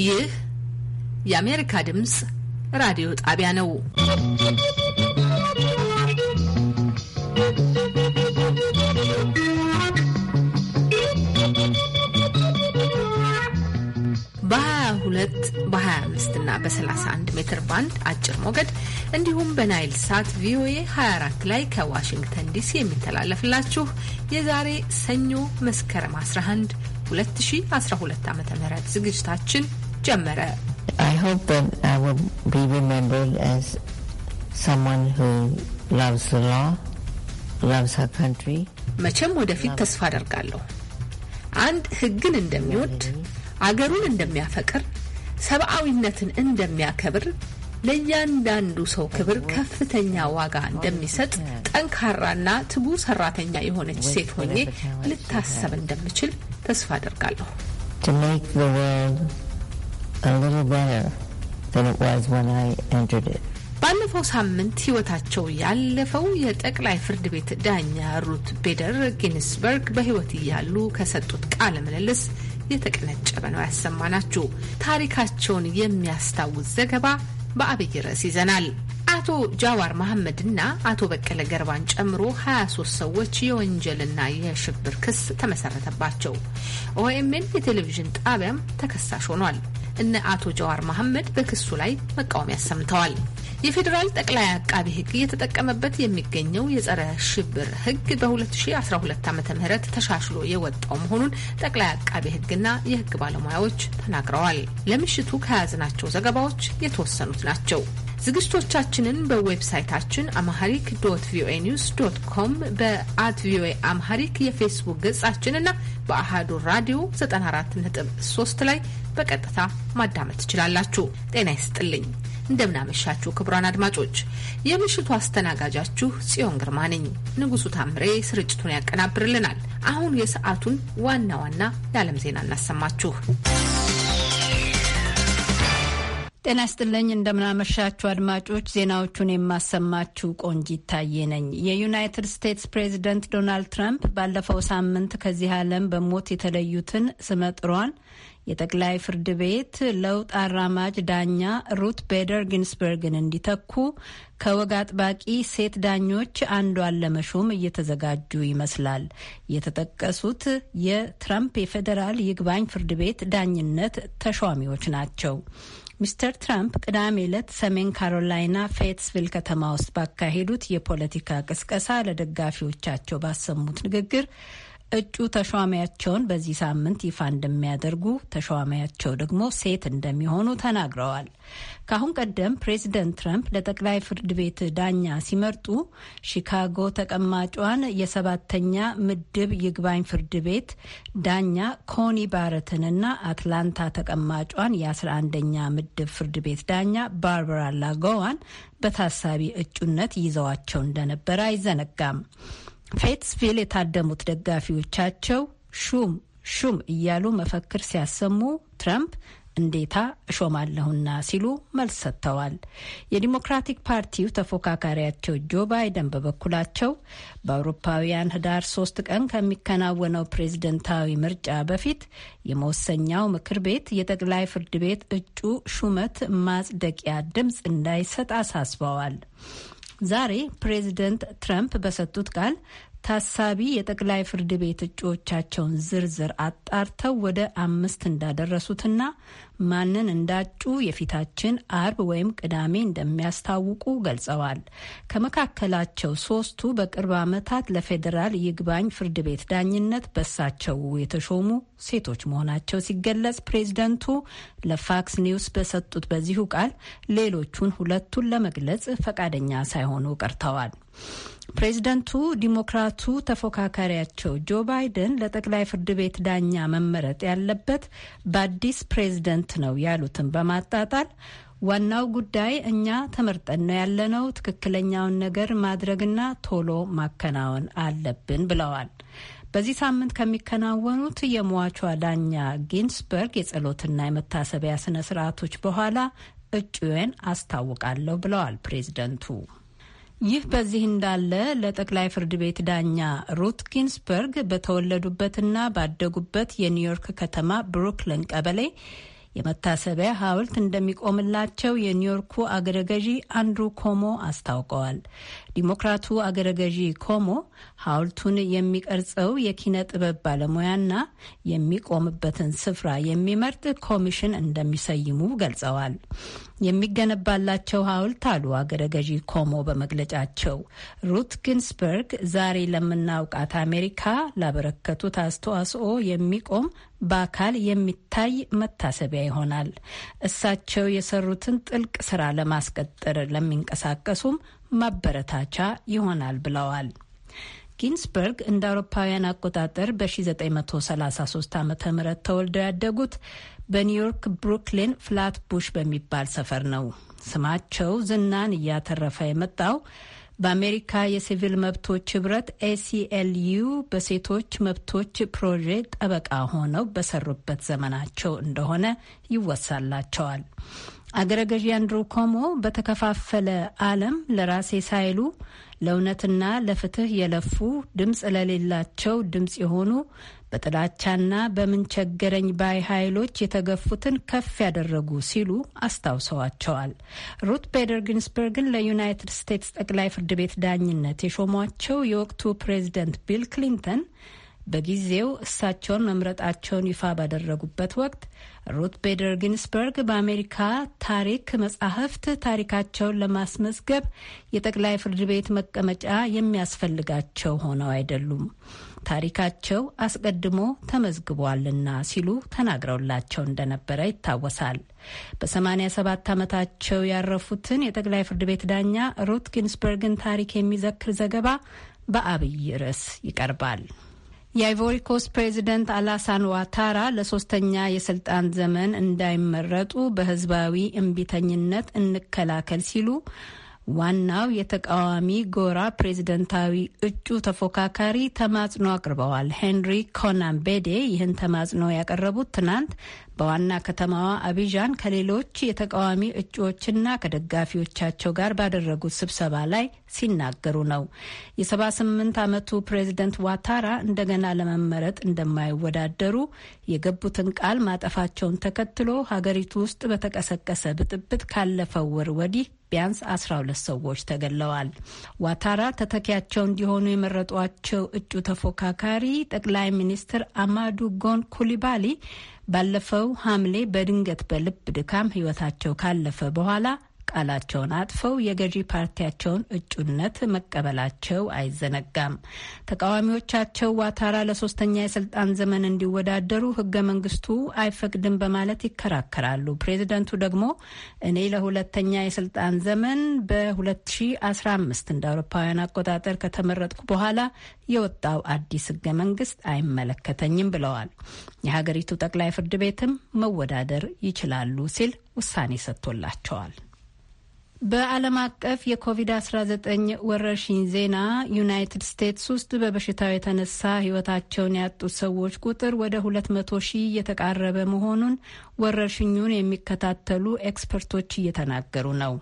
ይህ የአሜሪካ ድምፅ ራዲዮ ጣቢያ ነው። በ22 በ25 እና በ31 ሜትር ባንድ አጭር ሞገድ እንዲሁም በናይል ሳት ቪኦኤ 24 ላይ ከዋሽንግተን ዲሲ የሚተላለፍላችሁ የዛሬ ሰኞ መስከረም 11 2012 ም ዝግጅታችን ጀመረ። መቼም ወደፊት ተስፋ አደርጋለሁ አንድ ህግን እንደሚወድ አገሩን እንደሚያፈቅር ሰብአዊነትን እንደሚያከብር ለእያንዳንዱ ሰው ክብር ከፍተኛ ዋጋ እንደሚሰጥ ጠንካራና ትጉ ሰራተኛ የሆነች ሴት ሆኜ ልታሰብ እንደምችል ተስፋ አደርጋለሁ። a little better than it was when I entered it. ባለፈው ሳምንት ህይወታቸው ያለፈው የጠቅላይ ፍርድ ቤት ዳኛ ሩት ቤደር ጊንስበርግ በህይወት እያሉ ከሰጡት ቃለ ምልልስ የተቀነጨበ ነው ያሰማናችሁ። ታሪካቸውን የሚያስታውስ ዘገባ በአብይ ርዕስ ይዘናል። አቶ ጃዋር መሐመድና አቶ በቀለ ገርባን ጨምሮ 23 ሰዎች የወንጀልና የሽብር ክስ ተመሰረተባቸው። ኦኤምኤን የቴሌቪዥን ጣቢያም ተከሳሽ ሆኗል። እነ አቶ ጃዋር መሐመድ በክሱ ላይ መቃወሚያ ሰምተዋል የፌዴራል ጠቅላይ አቃቢ ህግ እየተጠቀመበት የሚገኘው የጸረ ሽብር ህግ በ2012 ዓ ም ተሻሽሎ የወጣው መሆኑን ጠቅላይ አቃቢ ህግና የህግ ባለሙያዎች ተናግረዋል። ለምሽቱ ከያዝናቸው ዘገባዎች የተወሰኑት ናቸው። ዝግጅቶቻችንን በዌብሳይታችን አምሃሪክ ዶት ቪኦኤ ኒውስ ዶት ኮም በአት ቪኦኤ አምሃሪክ የፌስቡክ ገጻችንና በአህዱ ራዲዮ 94.3 ላይ በቀጥታ ማዳመጥ ትችላላችሁ። ጤና ይስጥልኝ። እንደምናመሻችሁ ክቡራን አድማጮች፣ የምሽቱ አስተናጋጃችሁ ጽዮን ግርማ ነኝ። ንጉሱ ታምሬ ስርጭቱን ያቀናብርልናል። አሁን የሰዓቱን ዋና ዋና የዓለም ዜና እናሰማችሁ። ጤና ይስጥልኝ። እንደምናመሻችሁ አድማጮች፣ ዜናዎቹን የማሰማችሁ ቆንጂ ታዬ ነኝ። የዩናይትድ ስቴትስ ፕሬዚደንት ዶናልድ ትራምፕ ባለፈው ሳምንት ከዚህ ዓለም በሞት የተለዩትን ስመጥሯን የጠቅላይ ፍርድ ቤት ለውጥ አራማጅ ዳኛ ሩት ቤደር ጊንስበርግን እንዲተኩ ከወግ አጥባቂ ሴት ዳኞች አንዷን ለመሾም እየተዘጋጁ ይመስላል። የተጠቀሱት የትራምፕ የፌዴራል ይግባኝ ፍርድ ቤት ዳኝነት ተሿሚዎች ናቸው። ሚስተር ትራምፕ ቅዳሜ ዕለት ሰሜን ካሮላይና ፌትስቪል ከተማ ውስጥ ባካሄዱት የፖለቲካ ቅስቀሳ ለደጋፊዎቻቸው ባሰሙት ንግግር እጩ ተሿሚያቸውን በዚህ ሳምንት ይፋ እንደሚያደርጉ ተሿሚያቸው ደግሞ ሴት እንደሚሆኑ ተናግረዋል። ከአሁን ቀደም ፕሬዚደንት ትራምፕ ለጠቅላይ ፍርድ ቤት ዳኛ ሲመርጡ ሺካጎ ተቀማጯን የሰባተኛ ምድብ ይግባኝ ፍርድ ቤት ዳኛ ኮኒ ባረትንና አትላንታ ተቀማጯን የአስራ አንደኛ ምድብ ፍርድ ቤት ዳኛ ባርበራ ላጎዋን በታሳቢ እጩነት ይዘዋቸው እንደነበረ አይዘነጋም። ፌትስቪል የታደሙት ደጋፊዎቻቸው ሹም ሹም እያሉ መፈክር ሲያሰሙ ትራምፕ እንዴታ እሾማለሁና ሲሉ መልስ ሰጥተዋል። የዲሞክራቲክ ፓርቲው ተፎካካሪያቸው ጆ ባይደን በበኩላቸው በአውሮፓውያን ህዳር ሶስት ቀን ከሚከናወነው ፕሬዝደንታዊ ምርጫ በፊት የመወሰኛው ምክር ቤት የጠቅላይ ፍርድ ቤት እጩ ሹመት ማጽደቂያ ድምፅ እንዳይሰጥ አሳስበዋል። ዛሬ ፕሬዚደንት ትራምፕ በሰጡት ቃል ታሳቢ የጠቅላይ ፍርድ ቤት እጩዎቻቸውን ዝርዝር አጣርተው ወደ አምስት እንዳደረሱትና ማንን እንዳጩ የፊታችን አርብ ወይም ቅዳሜ እንደሚያስታውቁ ገልጸዋል። ከመካከላቸው ሶስቱ በቅርብ ዓመታት ለፌዴራል ይግባኝ ፍርድ ቤት ዳኝነት በሳቸው የተሾሙ ሴቶች መሆናቸው ሲገለጽ ፕሬዝደንቱ ለፋክስ ኒውስ በሰጡት በዚሁ ቃል ሌሎቹን ሁለቱን ለመግለጽ ፈቃደኛ ሳይሆኑ ቀርተዋል። ፕሬዝደንቱ ዲሞክራቱ ተፎካካሪያቸው ጆ ባይደን ለጠቅላይ ፍርድ ቤት ዳኛ መመረጥ ያለበት በአዲስ ፕሬዝደንት ነው ያሉትን በማጣጣል ዋናው ጉዳይ እኛ ተመርጠን ነው ያለነው፣ ትክክለኛውን ነገር ማድረግና ቶሎ ማከናወን አለብን ብለዋል። በዚህ ሳምንት ከሚከናወኑት የሟቿ ዳኛ ጊንስበርግ የጸሎትና የመታሰቢያ ስነ ስርዓቶች በኋላ እጩዬን አስታውቃለሁ ብለዋል ፕሬዝደንቱ። ይህ በዚህ እንዳለ ለጠቅላይ ፍርድ ቤት ዳኛ ሩት ጊንስበርግ በተወለዱበትና ባደጉበት የኒውዮርክ ከተማ ብሩክሊን ቀበሌ የመታሰቢያ ሐውልት እንደሚቆምላቸው የኒውዮርኩ አገረ ገዢ አንድሩ ኮሞ አስታውቀዋል። ዲሞክራቱ ገዢ ኮሞ ሐውልቱን የሚቀርጸው የኪነ ጥበብ ባለሙያና የሚቆምበትን ስፍራ የሚመርጥ ኮሚሽን እንደሚሰይሙ ገልጸዋል። የሚገነባላቸው ሐውልት አሉ አገረ ገዢ ኮሞ በመግለጫቸው ሩት ግንስበርግ ዛሬ ለምናውቃት አሜሪካ ላበረከቱት አስተዋጽኦ የሚቆም በአካል የሚታይ መታሰቢያ ይሆናል። እሳቸው የሰሩትን ጥልቅ ስራ ለማስቀጠር ለሚንቀሳቀሱም ማበረታቻ ይሆናል ብለዋል። ጊንስበርግ እንደ አውሮፓውያን አቆጣጠር በ1933 ዓ ም ተወልደው ያደጉት በኒውዮርክ ብሩክሊን ፍላት ቡሽ በሚባል ሰፈር ነው። ስማቸው ዝናን እያተረፈ የመጣው በአሜሪካ የሲቪል መብቶች ህብረት ኤሲኤልዩ በሴቶች መብቶች ፕሮጄ ጠበቃ ሆነው በሰሩበት ዘመናቸው እንደሆነ ይወሳላቸዋል። አገረ ገዢ አንድሩ ኮሞ በተከፋፈለ ዓለም ለራሴ ሳይሉ ለእውነትና ለፍትህ የለፉ ድምፅ ለሌላቸው ድምፅ የሆኑ በጥላቻና በምን ቸገረኝ ባይ ኃይሎች የተገፉትን ከፍ ያደረጉ ሲሉ አስታውሰዋቸዋል። ሩት ቤደር ግንስበርግን ለዩናይትድ ስቴትስ ጠቅላይ ፍርድ ቤት ዳኝነት የሾሟቸው የወቅቱ ፕሬዚደንት ቢል ክሊንተን በጊዜው እሳቸውን መምረጣቸውን ይፋ ባደረጉበት ወቅት ሩት ቤደር ጊንስበርግ በአሜሪካ ታሪክ መጻሕፍት ታሪካቸውን ለማስመዝገብ የጠቅላይ ፍርድ ቤት መቀመጫ የሚያስፈልጋቸው ሆነው አይደሉም፣ ታሪካቸው አስቀድሞ ተመዝግቧልና ሲሉ ተናግረውላቸው እንደነበረ ይታወሳል። በ87 ዓመታቸው ያረፉትን የጠቅላይ ፍርድ ቤት ዳኛ ሩት ጊንስበርግን ታሪክ የሚዘክር ዘገባ በአብይ ርዕስ ይቀርባል። የአይቮሪኮስ ፕሬዚደንት አላሳን ዋታራ ለሶስተኛ የስልጣን ዘመን እንዳይመረጡ በህዝባዊ እምቢተኝነት እንከላከል ሲሉ ዋናው የተቃዋሚ ጎራ ፕሬዝደንታዊ እጩ ተፎካካሪ ተማጽኖ አቅርበዋል። ሄንሪ ኮናን ቤዴ ይህን ተማጽኖ ያቀረቡት ትናንት በዋና ከተማዋ አቢዣን ከሌሎች የተቃዋሚ እጩዎችና ከደጋፊዎቻቸው ጋር ባደረጉት ስብሰባ ላይ ሲናገሩ ነው። የ78 ዓመቱ ፕሬዝደንት ዋታራ እንደገና ለመመረጥ እንደማይወዳደሩ የገቡትን ቃል ማጠፋቸውን ተከትሎ ሀገሪቱ ውስጥ በተቀሰቀሰ ብጥብጥ ካለፈው ወር ወዲህ ቢያንስ 12 ሰዎች ተገድለዋል። ዋታራ ተተኪያቸው እንዲሆኑ የመረጧቸው እጩ ተፎካካሪ ጠቅላይ ሚኒስትር አማዱ ጎን ኩሊባሊ ባለፈው ሐምሌ በድንገት በልብ ድካም ሕይወታቸው ካለፈ በኋላ ቃላቸውን አጥፈው የገዢ ፓርቲያቸውን እጩነት መቀበላቸው አይዘነጋም። ተቃዋሚዎቻቸው ዋታራ ለሶስተኛ የስልጣን ዘመን እንዲወዳደሩ ህገ መንግስቱ አይፈቅድም በማለት ይከራከራሉ። ፕሬዚደንቱ ደግሞ እኔ ለሁለተኛ የስልጣን ዘመን በ2015 እንደ አውሮፓውያን አቆጣጠር ከተመረጥኩ በኋላ የወጣው አዲስ ህገ መንግስት አይመለከተኝም ብለዋል። የሀገሪቱ ጠቅላይ ፍርድ ቤትም መወዳደር ይችላሉ ሲል ውሳኔ ሰጥቶላቸዋል። በዓለም አቀፍ የኮቪድ-19 ወረርሽኝ ዜና ዩናይትድ ስቴትስ ውስጥ በበሽታው የተነሳ ሕይወታቸውን ያጡት ሰዎች ቁጥር ወደ 200 ሺህ እየተቃረበ መሆኑን ወረርሽኙን የሚከታተሉ ኤክስፐርቶች እየተናገሩ ነው።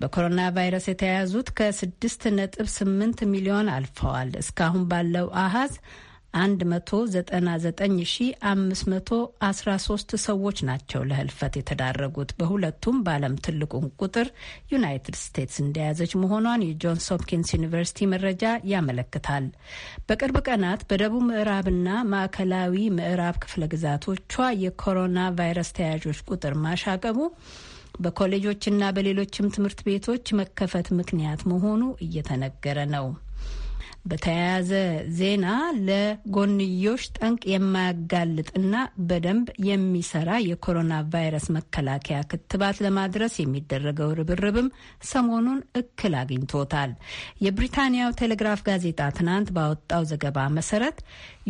በኮሮና ቫይረስ የተያያዙት ከ6.8 ሚሊዮን አልፈዋል። እስካሁን ባለው አሃዝ 199513 ሰዎች ናቸው ለህልፈት የተዳረጉት። በሁለቱም በዓለም ትልቁን ቁጥር ዩናይትድ ስቴትስ እንደያዘች መሆኗን የጆንስ ሆፕኪንስ ዩኒቨርሲቲ መረጃ ያመለክታል። በቅርብ ቀናት በደቡብ ምዕራብና ማዕከላዊ ምዕራብ ክፍለ ግዛቶቿ የኮሮና ቫይረስ ተያዦች ቁጥር ማሻቀቡ በኮሌጆችና በሌሎችም ትምህርት ቤቶች መከፈት ምክንያት መሆኑ እየተነገረ ነው። በተያያዘ ዜና ለጎንዮሽ ጠንቅ የማያጋልጥና በደንብ የሚሰራ የኮሮና ቫይረስ መከላከያ ክትባት ለማድረስ የሚደረገው ርብርብም ሰሞኑን እክል አግኝቶታል። የብሪታንያው ቴሌግራፍ ጋዜጣ ትናንት ባወጣው ዘገባ መሰረት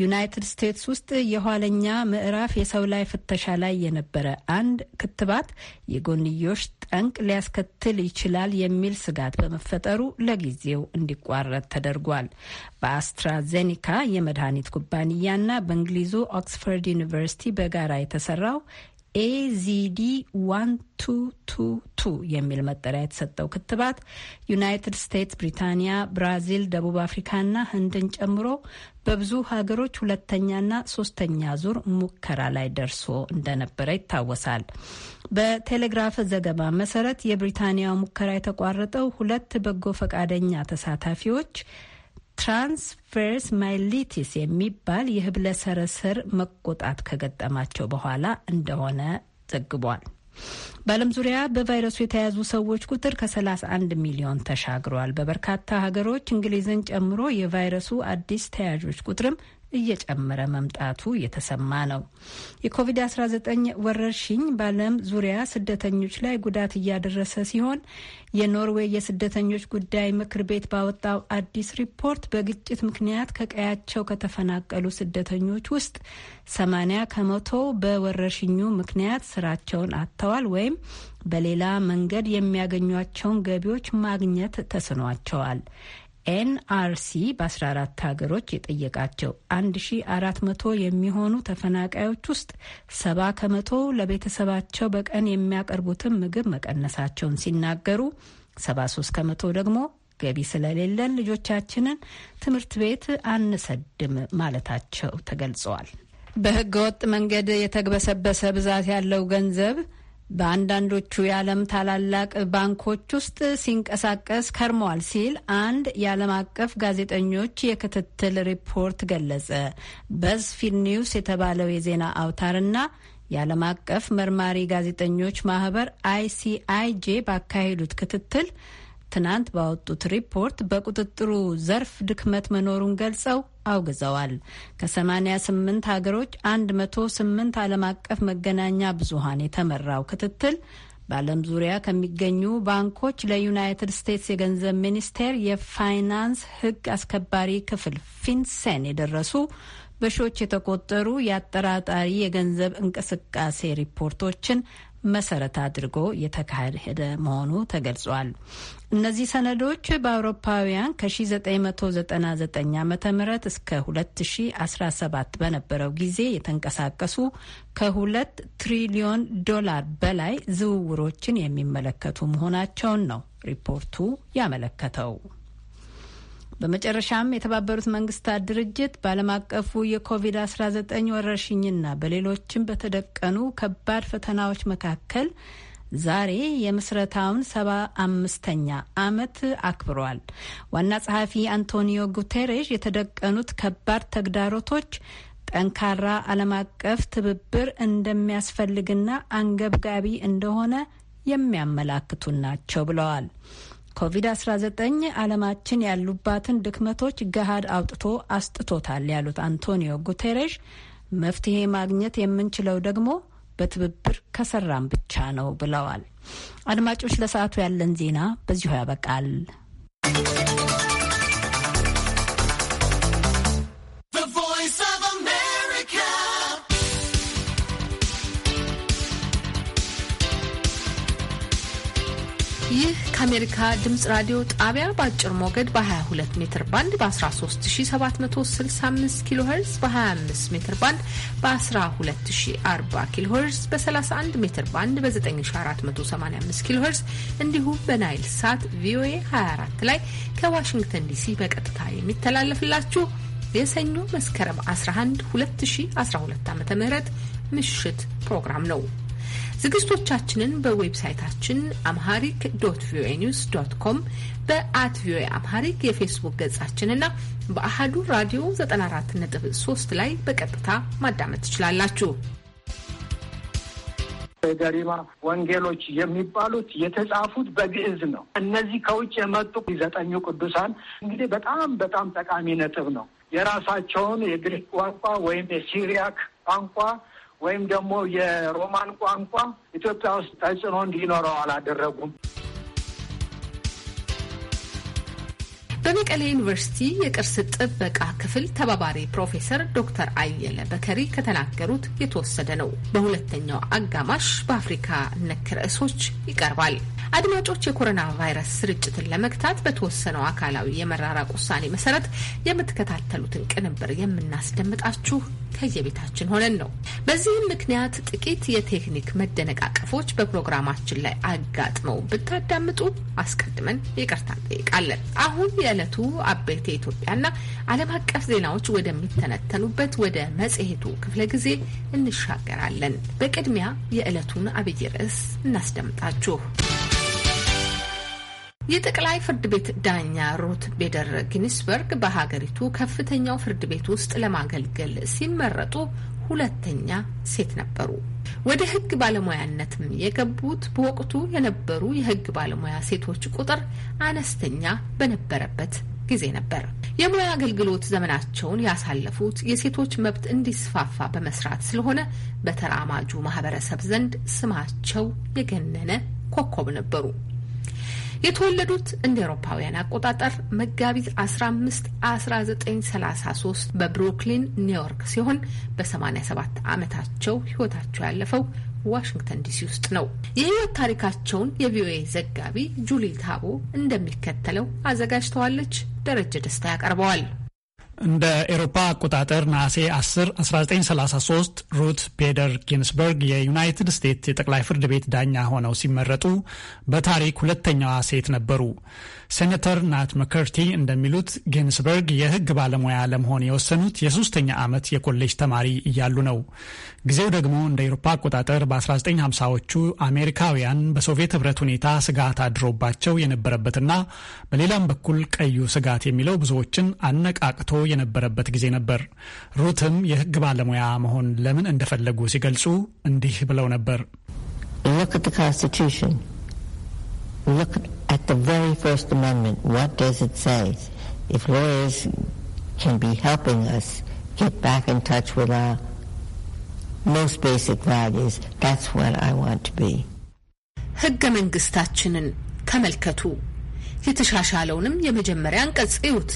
ዩናይትድ ስቴትስ ውስጥ የኋለኛ ምዕራፍ የሰው ላይ ፍተሻ ላይ የነበረ አንድ ክትባት የጎንዮሽ ጠንቅ ሊያስከትል ይችላል የሚል ስጋት በመፈጠሩ ለጊዜው እንዲቋረጥ ተደርጓል። በአስትራዜኒካ የመድኃኒት ኩባንያና በእንግሊዙ ኦክስፎርድ ዩኒቨርሲቲ በጋራ የተሰራው ኤዚዲ ዋን ቱ ቱ ቱ የሚል መጠሪያ የተሰጠው ክትባት ዩናይትድ ስቴትስ፣ ብሪታንያ፣ ብራዚል፣ ደቡብ አፍሪካና ህንድን ጨምሮ በብዙ ሀገሮች ሁለተኛና ሶስተኛ ዙር ሙከራ ላይ ደርሶ እንደነበረ ይታወሳል። በቴሌግራፍ ዘገባ መሰረት የብሪታንያው ሙከራ የተቋረጠው ሁለት በጎ ፈቃደኛ ተሳታፊዎች ትራንስቨርስ ማይሊቲስ የሚባል የህብለ ሰረሰር መቆጣት ከገጠማቸው በኋላ እንደሆነ ዘግቧል። በዓለም ዙሪያ በቫይረሱ የተያዙ ሰዎች ቁጥር ከ31 ሚሊዮን ተሻግሯል። በበርካታ ሀገሮች እንግሊዝን ጨምሮ የቫይረሱ አዲስ ተያዦች ቁጥርም እየጨመረ መምጣቱ የተሰማ ነው። የኮቪድ-19 ወረርሽኝ በዓለም ዙሪያ ስደተኞች ላይ ጉዳት እያደረሰ ሲሆን የኖርዌይ የስደተኞች ጉዳይ ምክር ቤት ባወጣው አዲስ ሪፖርት በግጭት ምክንያት ከቀያቸው ከተፈናቀሉ ስደተኞች ውስጥ ሰማኒያ ከመቶ በወረርሽኙ ምክንያት ስራቸውን አጥተዋል ወይም በሌላ መንገድ የሚያገኟቸውን ገቢዎች ማግኘት ተስኗቸዋል። ኤንአርሲ በ14 ሀገሮች የጠየቃቸው 1400 የሚሆኑ ተፈናቃዮች ውስጥ ሰባ ከመቶ ለቤተሰባቸው በቀን የሚያቀርቡትን ምግብ መቀነሳቸውን ሲናገሩ 73 ከመቶ ደግሞ ገቢ ስለሌለን ልጆቻችንን ትምህርት ቤት አንሰድም ማለታቸው ተገልጸዋል። በህገ ወጥ መንገድ የተግበሰበሰ ብዛት ያለው ገንዘብ በአንዳንዶቹ የዓለም ታላላቅ ባንኮች ውስጥ ሲንቀሳቀስ ከርመዋል ሲል አንድ የዓለም አቀፍ ጋዜጠኞች የክትትል ሪፖርት ገለጸ። በዝፊድ ኒውስ የተባለው የዜና አውታርና የዓለም አቀፍ መርማሪ ጋዜጠኞች ማህበር አይሲአይጄ ባካሄዱት ክትትል ትናንት ባወጡት ሪፖርት በቁጥጥሩ ዘርፍ ድክመት መኖሩን ገልጸው አውግዘዋል። ከ88 ሀገሮች 108 ዓለም አቀፍ መገናኛ ብዙሃን የተመራው ክትትል በዓለም ዙሪያ ከሚገኙ ባንኮች ለዩናይትድ ስቴትስ የገንዘብ ሚኒስቴር የፋይናንስ ሕግ አስከባሪ ክፍል ፊንሴን የደረሱ በሺዎች የተቆጠሩ የአጠራጣሪ የገንዘብ እንቅስቃሴ ሪፖርቶችን መሰረት አድርጎ የተካሄደ መሆኑ ተገልጿል። እነዚህ ሰነዶች በአውሮፓውያን ከ1999 ዓ ም እስከ 2017 በነበረው ጊዜ የተንቀሳቀሱ ከሁለት ትሪሊዮን ዶላር በላይ ዝውውሮችን የሚመለከቱ መሆናቸውን ነው ሪፖርቱ ያመለከተው። በመጨረሻም የተባበሩት መንግስታት ድርጅት በዓለም አቀፉ የኮቪድ-19 ወረርሽኝና በሌሎችም በተደቀኑ ከባድ ፈተናዎች መካከል ዛሬ የምስረታውን ሰባ አምስተኛ ዓመት አክብሯል። ዋና ጸሐፊ አንቶኒዮ ጉቴሬሽ የተደቀኑት ከባድ ተግዳሮቶች ጠንካራ ዓለም አቀፍ ትብብር እንደሚያስፈልግና አንገብጋቢ እንደሆነ የሚያመላክቱ ናቸው ብለዋል። ኮቪድ-19 ዓለማችን ያሉባትን ድክመቶች ገሃድ አውጥቶ አስጥቶታል ያሉት አንቶኒዮ ጉቴሬሽ መፍትሄ ማግኘት የምንችለው ደግሞ በትብብር ከሰራም ብቻ ነው ብለዋል። አድማጮች፣ ለሰዓቱ ያለን ዜና በዚሁ ያበቃል። ይህ ከአሜሪካ ድምፅ ራዲዮ ጣቢያ በአጭር ሞገድ በ22 ሜትር ባንድ በ13765 ኪሎ ሄርዝ በ25 ሜትር ባንድ በ1240 ኪሎ ሄርዝ በ31 ሜትር ባንድ በ9485 ኪሎ ሄርዝ እንዲሁም በናይል ሳት ቪኦኤ 24 ላይ ከዋሽንግተን ዲሲ በቀጥታ የሚተላለፍላችሁ የሰኞ መስከረም 11 2012 ዓ ም ምሽት ፕሮግራም ነው። ዝግጅቶቻችንን በዌብሳይታችን አምሃሪክ ዶት ቪኦኤ ኒውስ ዶት ኮም በአት ቪኦኤ አምሃሪክ የፌስቡክ ገጻችንና በአህዱ ራዲዮ 94.3 ላይ በቀጥታ ማዳመጥ ትችላላችሁ። ገሪማ ወንጌሎች የሚባሉት የተጻፉት በግዕዝ ነው። እነዚህ ከውጭ የመጡ ዘጠኙ ቅዱሳን እንግዲህ በጣም በጣም ጠቃሚ ነጥብ ነው። የራሳቸውን የግሪክ ቋንቋ ወይም የሲሪያክ ቋንቋ ወይም ደግሞ የሮማን ቋንቋ ኢትዮጵያ ውስጥ ተጽዕኖ እንዲኖረው አላደረጉም። በመቀሌ ዩኒቨርሲቲ የቅርስ ጥበቃ ክፍል ተባባሪ ፕሮፌሰር ዶክተር አየለ በከሪ ከተናገሩት የተወሰደ ነው። በሁለተኛው አጋማሽ በአፍሪካ ነክ ርዕሶች ይቀርባል። አድማጮች፣ የኮሮና ቫይረስ ስርጭትን ለመግታት በተወሰነው አካላዊ የመራራቅ ውሳኔ መሰረት የምትከታተሉትን ቅንብር የምናስደምጣችሁ ከየቤታችን ሆነን ነው። በዚህም ምክንያት ጥቂት የቴክኒክ መደነቃቀፎች በፕሮግራማችን ላይ አጋጥመው ብታዳምጡ አስቀድመን ይቅርታ እንጠይቃለን። አሁን የዕለቱ አበይት የኢትዮጵያና ዓለም አቀፍ ዜናዎች ወደሚተነተኑበት ወደ መጽሔቱ ክፍለ ጊዜ እንሻገራለን። በቅድሚያ የዕለቱን አብይ ርዕስ እናስደምጣችሁ። የጠቅላይ ፍርድ ቤት ዳኛ ሩት ቤደር ጊንስበርግ በሀገሪቱ ከፍተኛው ፍርድ ቤት ውስጥ ለማገልገል ሲመረጡ ሁለተኛ ሴት ነበሩ። ወደ ህግ ባለሙያነትም የገቡት በወቅቱ የነበሩ የህግ ባለሙያ ሴቶች ቁጥር አነስተኛ በነበረበት ጊዜ ነበር። የሙያ አገልግሎት ዘመናቸውን ያሳለፉት የሴቶች መብት እንዲስፋፋ በመስራት ስለሆነ በተራማጁ ማህበረሰብ ዘንድ ስማቸው የገነነ ኮከብ ነበሩ። የተወለዱት እንደ አውሮፓውያን አቆጣጠር መጋቢት 15 1933 በብሩክሊን ኒውዮርክ ሲሆን በ87 ዓመታቸው ህይወታቸው ያለፈው ዋሽንግተን ዲሲ ውስጥ ነው። የህይወት ታሪካቸውን የቪኦኤ ዘጋቢ ጁሊ ታቦ እንደሚከተለው አዘጋጅተዋለች። ደረጀ ደስታ ያቀርበዋል። እንደ ኤሮፓ አቆጣጠር ነሐሴ 10 1933 ሩት ቤደር ጊንስበርግ የዩናይትድ ስቴትስ የጠቅላይ ፍርድ ቤት ዳኛ ሆነው ሲመረጡ በታሪክ ሁለተኛዋ ሴት ነበሩ። ሴኔተር ናት መከርቲ እንደሚሉት ጊንስበርግ የሕግ ባለሙያ ለመሆን የወሰኑት የሶስተኛ ዓመት የኮሌጅ ተማሪ እያሉ ነው። ጊዜው ደግሞ እንደ ኤሮፓ አቆጣጠር በ1950ዎቹ አሜሪካውያን በሶቪየት ህብረት ሁኔታ ስጋት አድሮባቸው የነበረበትና በሌላም በኩል ቀዩ ስጋት የሚለው ብዙዎችን አነቃቅቶ የነበረበት ጊዜ ነበር። ሩትም የህግ ባለሙያ መሆን ለምን እንደፈለጉ ሲገልጹ እንዲህ ብለው ነበር። ህገ መንግስታችንን ተመልከቱ። የተሻሻለውንም የመጀመሪያ አንቀጽ እዩት።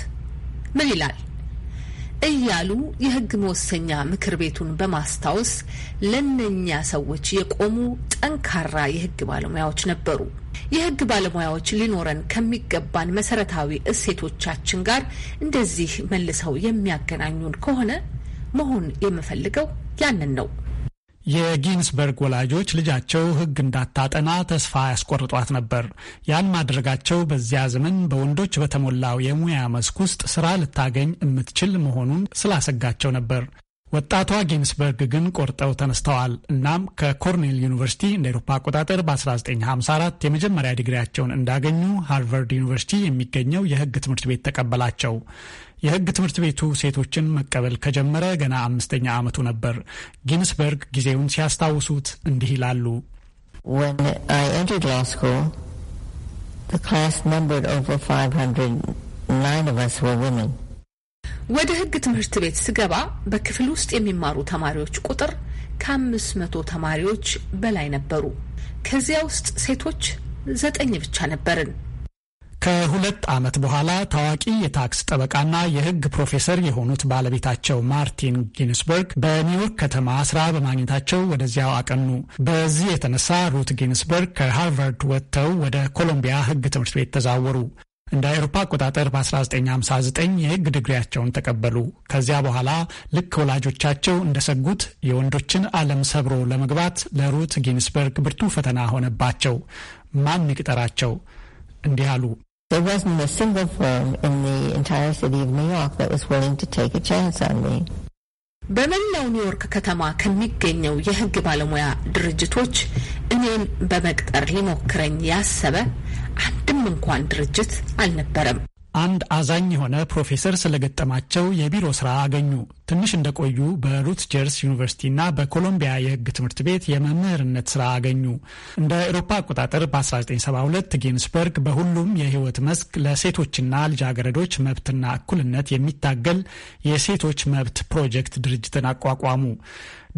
ምን ይላል? እያሉ የህግ መወሰኛ ምክር ቤቱን በማስታወስ ለነኛ ሰዎች የቆሙ ጠንካራ የህግ ባለሙያዎች ነበሩ። የህግ ባለሙያዎች ሊኖረን ከሚገባን መሰረታዊ እሴቶቻችን ጋር እንደዚህ መልሰው የሚያገናኙን ከሆነ መሆን የምፈልገው ያንን ነው። የጊንስበርግ ወላጆች ልጃቸው ሕግ እንዳታጠና ተስፋ ያስቆርጧት ነበር። ያን ማድረጋቸው በዚያ ዘመን በወንዶች በተሞላው የሙያ መስክ ውስጥ ስራ ልታገኝ የምትችል መሆኑን ስላሰጋቸው ነበር። ወጣቷ ጊንስበርግ ግን ቆርጠው ተነስተዋል። እናም ከኮርኔል ዩኒቨርሲቲ እንደ ኤሮፓ አቆጣጠር በ1954 የመጀመሪያ ዲግሪያቸውን እንዳገኙ ሃርቫርድ ዩኒቨርሲቲ የሚገኘው የህግ ትምህርት ቤት ተቀበላቸው። የህግ ትምህርት ቤቱ ሴቶችን መቀበል ከጀመረ ገና አምስተኛ ዓመቱ ነበር። ጊንስበርግ ጊዜውን ሲያስታውሱት እንዲህ ይላሉ። ወደ ህግ ትምህርት ቤት ስገባ በክፍል ውስጥ የሚማሩ ተማሪዎች ቁጥር ከአምስት መቶ ተማሪዎች በላይ ነበሩ። ከዚያ ውስጥ ሴቶች ዘጠኝ ብቻ ነበርን። ከሁለት ዓመት በኋላ ታዋቂ የታክስ ጠበቃና የሕግ ፕሮፌሰር የሆኑት ባለቤታቸው ማርቲን ጊንስበርግ በኒውዮርክ ከተማ ስራ በማግኘታቸው ወደዚያው አቀኑ። በዚህ የተነሳ ሩት ጊንስበርግ ከሃርቫርድ ወጥተው ወደ ኮሎምቢያ ሕግ ትምህርት ቤት ተዛወሩ። እንደ አውሮፓ አቆጣጠር በ1959 የህግ ድግሪያቸውን ተቀበሉ። ከዚያ በኋላ ልክ ወላጆቻቸው እንደሰጉት የወንዶችን ዓለም ሰብሮ ለመግባት ለሩት ጊንስበርግ ብርቱ ፈተና ሆነባቸው። ማን ይቅጠራቸው? እንዲህ አሉ። There wasn't a single firm in the entire city of New York that was willing to take a chance on me. በመላው ኒውዮርክ ከተማ ከሚገኘው የሕግ ባለሙያ ድርጅቶች እኔን በመቅጠር ሊሞክረኝ ያሰበ አንድም እንኳን ድርጅት አልነበረም። አንድ አዛኝ የሆነ ፕሮፌሰር ስለገጠማቸው የቢሮ ስራ አገኙ። ትንሽ እንደቆዩ በሩትጀርስ ና በኮሎምቢያ የህግ ትምህርት ቤት የመምህርነት ስራ አገኙ። እንደ አውሮፓ አቆጣጠር በ1972 ጌንስበርግ በሁሉም የህይወት መስክ ለሴቶችና ልጃገረዶች መብትና እኩልነት የሚታገል የሴቶች መብት ፕሮጀክት ድርጅትን አቋቋሙ።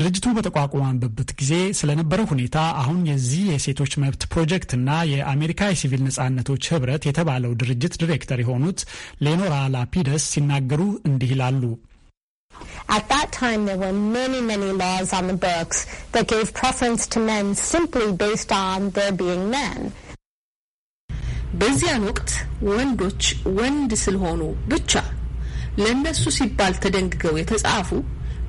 ድርጅቱ በተቋቋመበት ጊዜ ስለነበረው ሁኔታ፣ አሁን የዚህ የሴቶች መብት ፕሮጀክትና የአሜሪካ የሲቪል ነጻነቶች ህብረት የተባለው ድርጅት ዲሬክተር የሆኑት ሌኖራ ላፒደስ ሲናገሩ እንዲህ ይላሉ። At that time, there were many, many laws on the books that gave preference to men simply based on their being men. በዚያን ወቅት ወንዶች ወንድ ስለሆኑ ብቻ ለእነሱ ሲባል ተደንግገው የተጻፉ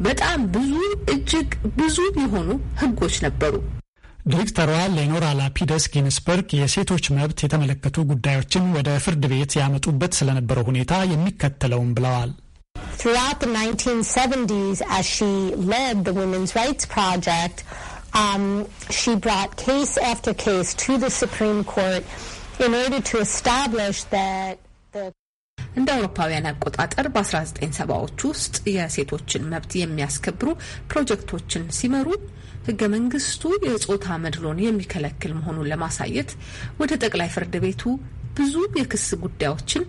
በጣም ብዙ እጅግ ብዙ የሆኑ ህጎች ነበሩ። ዲሬክተሯ ሌኖራ ላፒደስ ጊንስበርግ የሴቶች መብት የተመለከቱ ጉዳዮችን ወደ ፍርድ ቤት ያመጡበት ስለነበረው ሁኔታ የሚከተለውም ብለዋል። Throughout the 1970s, as she led the Women's Rights Project, um, she brought case after case to the Supreme Court in order to establish that the እንደ አውሮፓውያን አቆጣጠር በ1970ዎች ውስጥ የሴቶችን መብት የሚያስከብሩ ፕሮጀክቶችን ሲመሩ ህገ መንግስቱ የጾታ መድሎን የሚከለክል መሆኑን ለማሳየት ወደ ጠቅላይ ፍርድ ቤቱ ብዙ የክስ ጉዳዮችን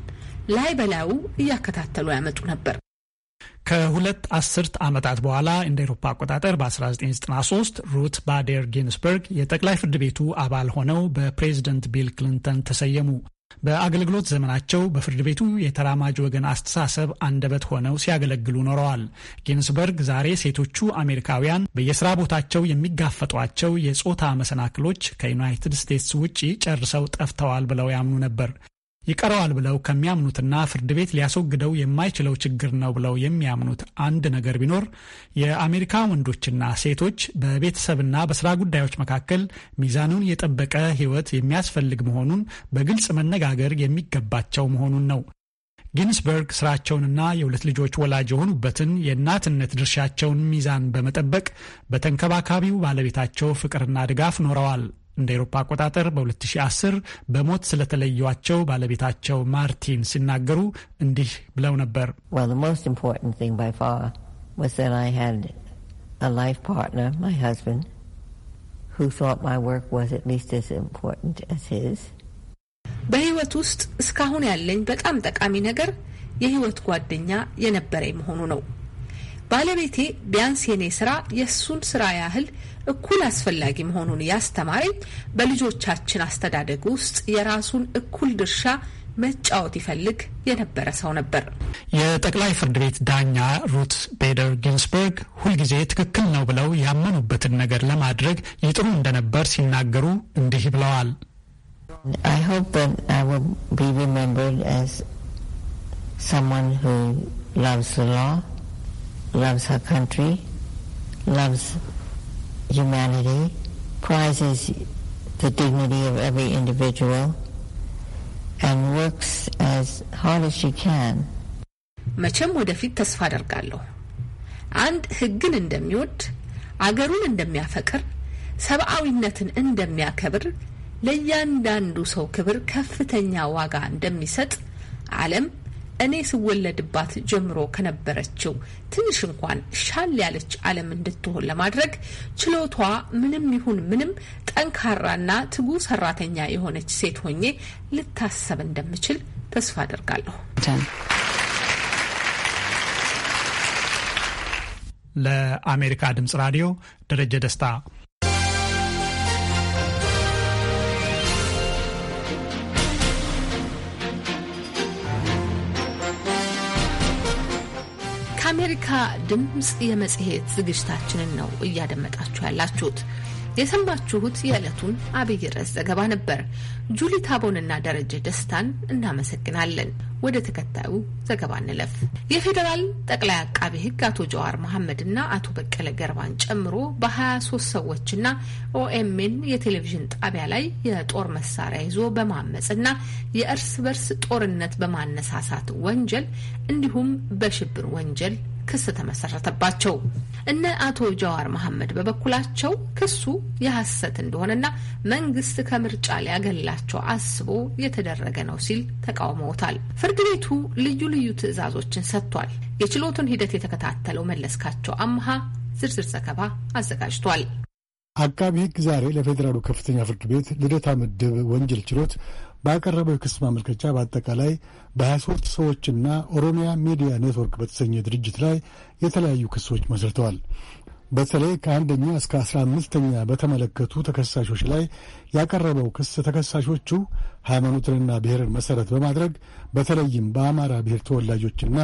ላይ በላዩ እያከታተሉ ያመጡ ነበር። ከሁለት አስርት ዓመታት በኋላ እንደ ኤሮፓ አቆጣጠር በ1993 ሩት ባዴር ጊንስበርግ የጠቅላይ ፍርድ ቤቱ አባል ሆነው በፕሬዝደንት ቢል ክሊንተን ተሰየሙ። በአገልግሎት ዘመናቸው በፍርድ ቤቱ የተራማጅ ወገን አስተሳሰብ አንደበት ሆነው ሲያገለግሉ ኖረዋል። ጊንስበርግ ዛሬ ሴቶቹ አሜሪካውያን በየስራ ቦታቸው የሚጋፈጧቸው የጾታ መሰናክሎች ከዩናይትድ ስቴትስ ውጭ ጨርሰው ጠፍተዋል ብለው ያምኑ ነበር። ይቀረዋል ብለው ከሚያምኑትና ፍርድ ቤት ሊያስወግደው የማይችለው ችግር ነው ብለው የሚያምኑት አንድ ነገር ቢኖር የአሜሪካ ወንዶችና ሴቶች በቤተሰብና በስራ ጉዳዮች መካከል ሚዛኑን የጠበቀ ሕይወት የሚያስፈልግ መሆኑን በግልጽ መነጋገር የሚገባቸው መሆኑን ነው። ጊንስበርግ ስራቸውንና የሁለት ልጆች ወላጅ የሆኑበትን የእናትነት ድርሻቸውን ሚዛን በመጠበቅ በተንከባካቢው ባለቤታቸው ፍቅርና ድጋፍ ኖረዋል። እንደ ኤሮፓ አቆጣጠር በ2010 በሞት ስለተለዩቸው ባለቤታቸው ማርቲን ሲናገሩ እንዲህ ብለው ነበር። በህይወት ውስጥ እስካሁን ያለኝ በጣም ጠቃሚ ነገር የህይወት ጓደኛ የነበረኝ መሆኑ ነው። ባለቤቴ ቢያንስ የኔ ስራ የእሱን ስራ ያህል እኩል አስፈላጊ መሆኑን ያስተማረኝ በልጆቻችን አስተዳደግ ውስጥ የራሱን እኩል ድርሻ መጫወት ይፈልግ የነበረ ሰው ነበር። የጠቅላይ ፍርድ ቤት ዳኛ ሩት ቤደር ጊንስበርግ ሁልጊዜ ትክክል ነው ብለው ያመኑበትን ነገር ለማድረግ ይጥሩ እንደነበር ሲናገሩ እንዲህ ብለዋል። ሎቭስ humanity, prizes the dignity of every individual, and works as hard as she can. መቼም ወደፊት ተስፋ አደርጋለሁ አንድ ህግን እንደሚወድ አገሩን እንደሚያፈቅር ሰብአዊነትን እንደሚያከብር ለእያንዳንዱ ሰው ክብር ከፍተኛ ዋጋ እንደሚሰጥ ዓለም እኔ ስወለድባት ጀምሮ ከነበረችው ትንሽ እንኳን ሻል ያለች ዓለም እንድትሆን ለማድረግ ችሎቷ ምንም ይሁን ምንም ጠንካራና ትጉ ሰራተኛ የሆነች ሴት ሆኜ ልታሰብ እንደምችል ተስፋ አደርጋለሁ። ለአሜሪካ ድምጽ ራዲዮ ደረጀ ደስታ የአሜሪካ ድምፅ የመጽሔት ዝግጅታችንን ነው እያደመጣችሁ ያላችሁት። የሰማችሁት የዕለቱን አብይ ርዕስ ዘገባ ነበር። ጁሊ ታቦንና ደረጀ ደስታን እናመሰግናለን። ወደ ተከታዩ ዘገባ እንለፍ። የፌዴራል ጠቅላይ አቃቤ ሕግ አቶ ጀዋር መሐመድና አቶ በቀለ ገርባን ጨምሮ በ23 ሰዎችና ኦኤምኤን የቴሌቪዥን ጣቢያ ላይ የጦር መሳሪያ ይዞ በማመፅና የእርስ በርስ ጦርነት በማነሳሳት ወንጀል እንዲሁም በሽብር ወንጀል ክስ ተመሰረተባቸው። እነ አቶ ጀዋር መሐመድ በበኩላቸው ክሱ የሐሰት እንደሆነና መንግስት ከምርጫ ሊያገላቸው አስቦ የተደረገ ነው ሲል ተቃውመውታል። ፍርድ ቤቱ ልዩ ልዩ ትዕዛዞችን ሰጥቷል። የችሎቱን ሂደት የተከታተለው መለስካቸው አምሃ ዝርዝር ዘገባ አዘጋጅቷል። አቃቢ ሕግ ዛሬ ለፌዴራሉ ከፍተኛ ፍርድ ቤት ልደታ ምድብ ወንጀል ችሎት ባቀረበው የክስ ማመልከቻ በአጠቃላይ በ23 ሰዎችና ኦሮሚያ ሚዲያ ኔትወርክ በተሰኘ ድርጅት ላይ የተለያዩ ክሶች መስርተዋል። በተለይ ከአንደኛ እስከ አስራ አምስተኛ በተመለከቱ ተከሳሾች ላይ ያቀረበው ክስ ተከሳሾቹ ሃይማኖትንና ብሔርን መሠረት በማድረግ በተለይም በአማራ ብሔር ተወላጆችና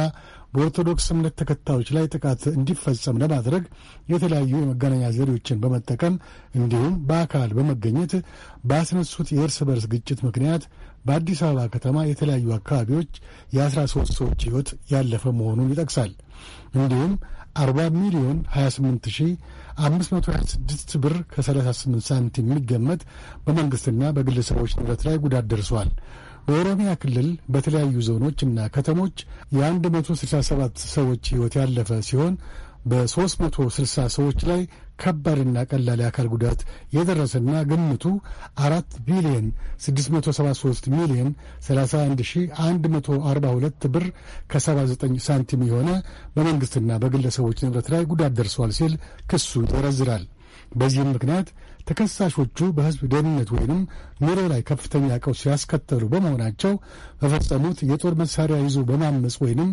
በኦርቶዶክስ እምነት ተከታዮች ላይ ጥቃት እንዲፈጸም ለማድረግ የተለያዩ የመገናኛ ዘዴዎችን በመጠቀም እንዲሁም በአካል በመገኘት ባስነሱት የእርስ በርስ ግጭት ምክንያት በአዲስ አበባ ከተማ የተለያዩ አካባቢዎች የአስራ ሶስት ሰዎች ሕይወት ያለፈ መሆኑን ይጠቅሳል። እንዲሁም 40 ሚሊዮን 28526 ብር ከ38 ሳንቲም የሚገመት በመንግሥትና በግለሰቦች ንብረት ላይ ጉዳት ደርሷል። በኦሮሚያ ክልል በተለያዩ ዞኖች እና ከተሞች የ167 ሰዎች ሕይወት ያለፈ ሲሆን በ360 ሰዎች ላይ ከባድና ቀላል የአካል ጉዳት የደረሰና ግምቱ 4 ቢሊዮን 673 ሚሊዮን 31142 ብር ከ79 ሳንቲም የሆነ በመንግሥትና በግለሰቦች ንብረት ላይ ጉዳት ደርሷል ሲል ክሱ ይዘረዝራል። በዚህም ምክንያት ተከሳሾቹ በሕዝብ ደህንነት ወይንም ኑሮ ላይ ከፍተኛ ቀውስ ያስከተሉ በመሆናቸው በፈጸሙት የጦር መሳሪያ ይዞ በማመፅ ወይንም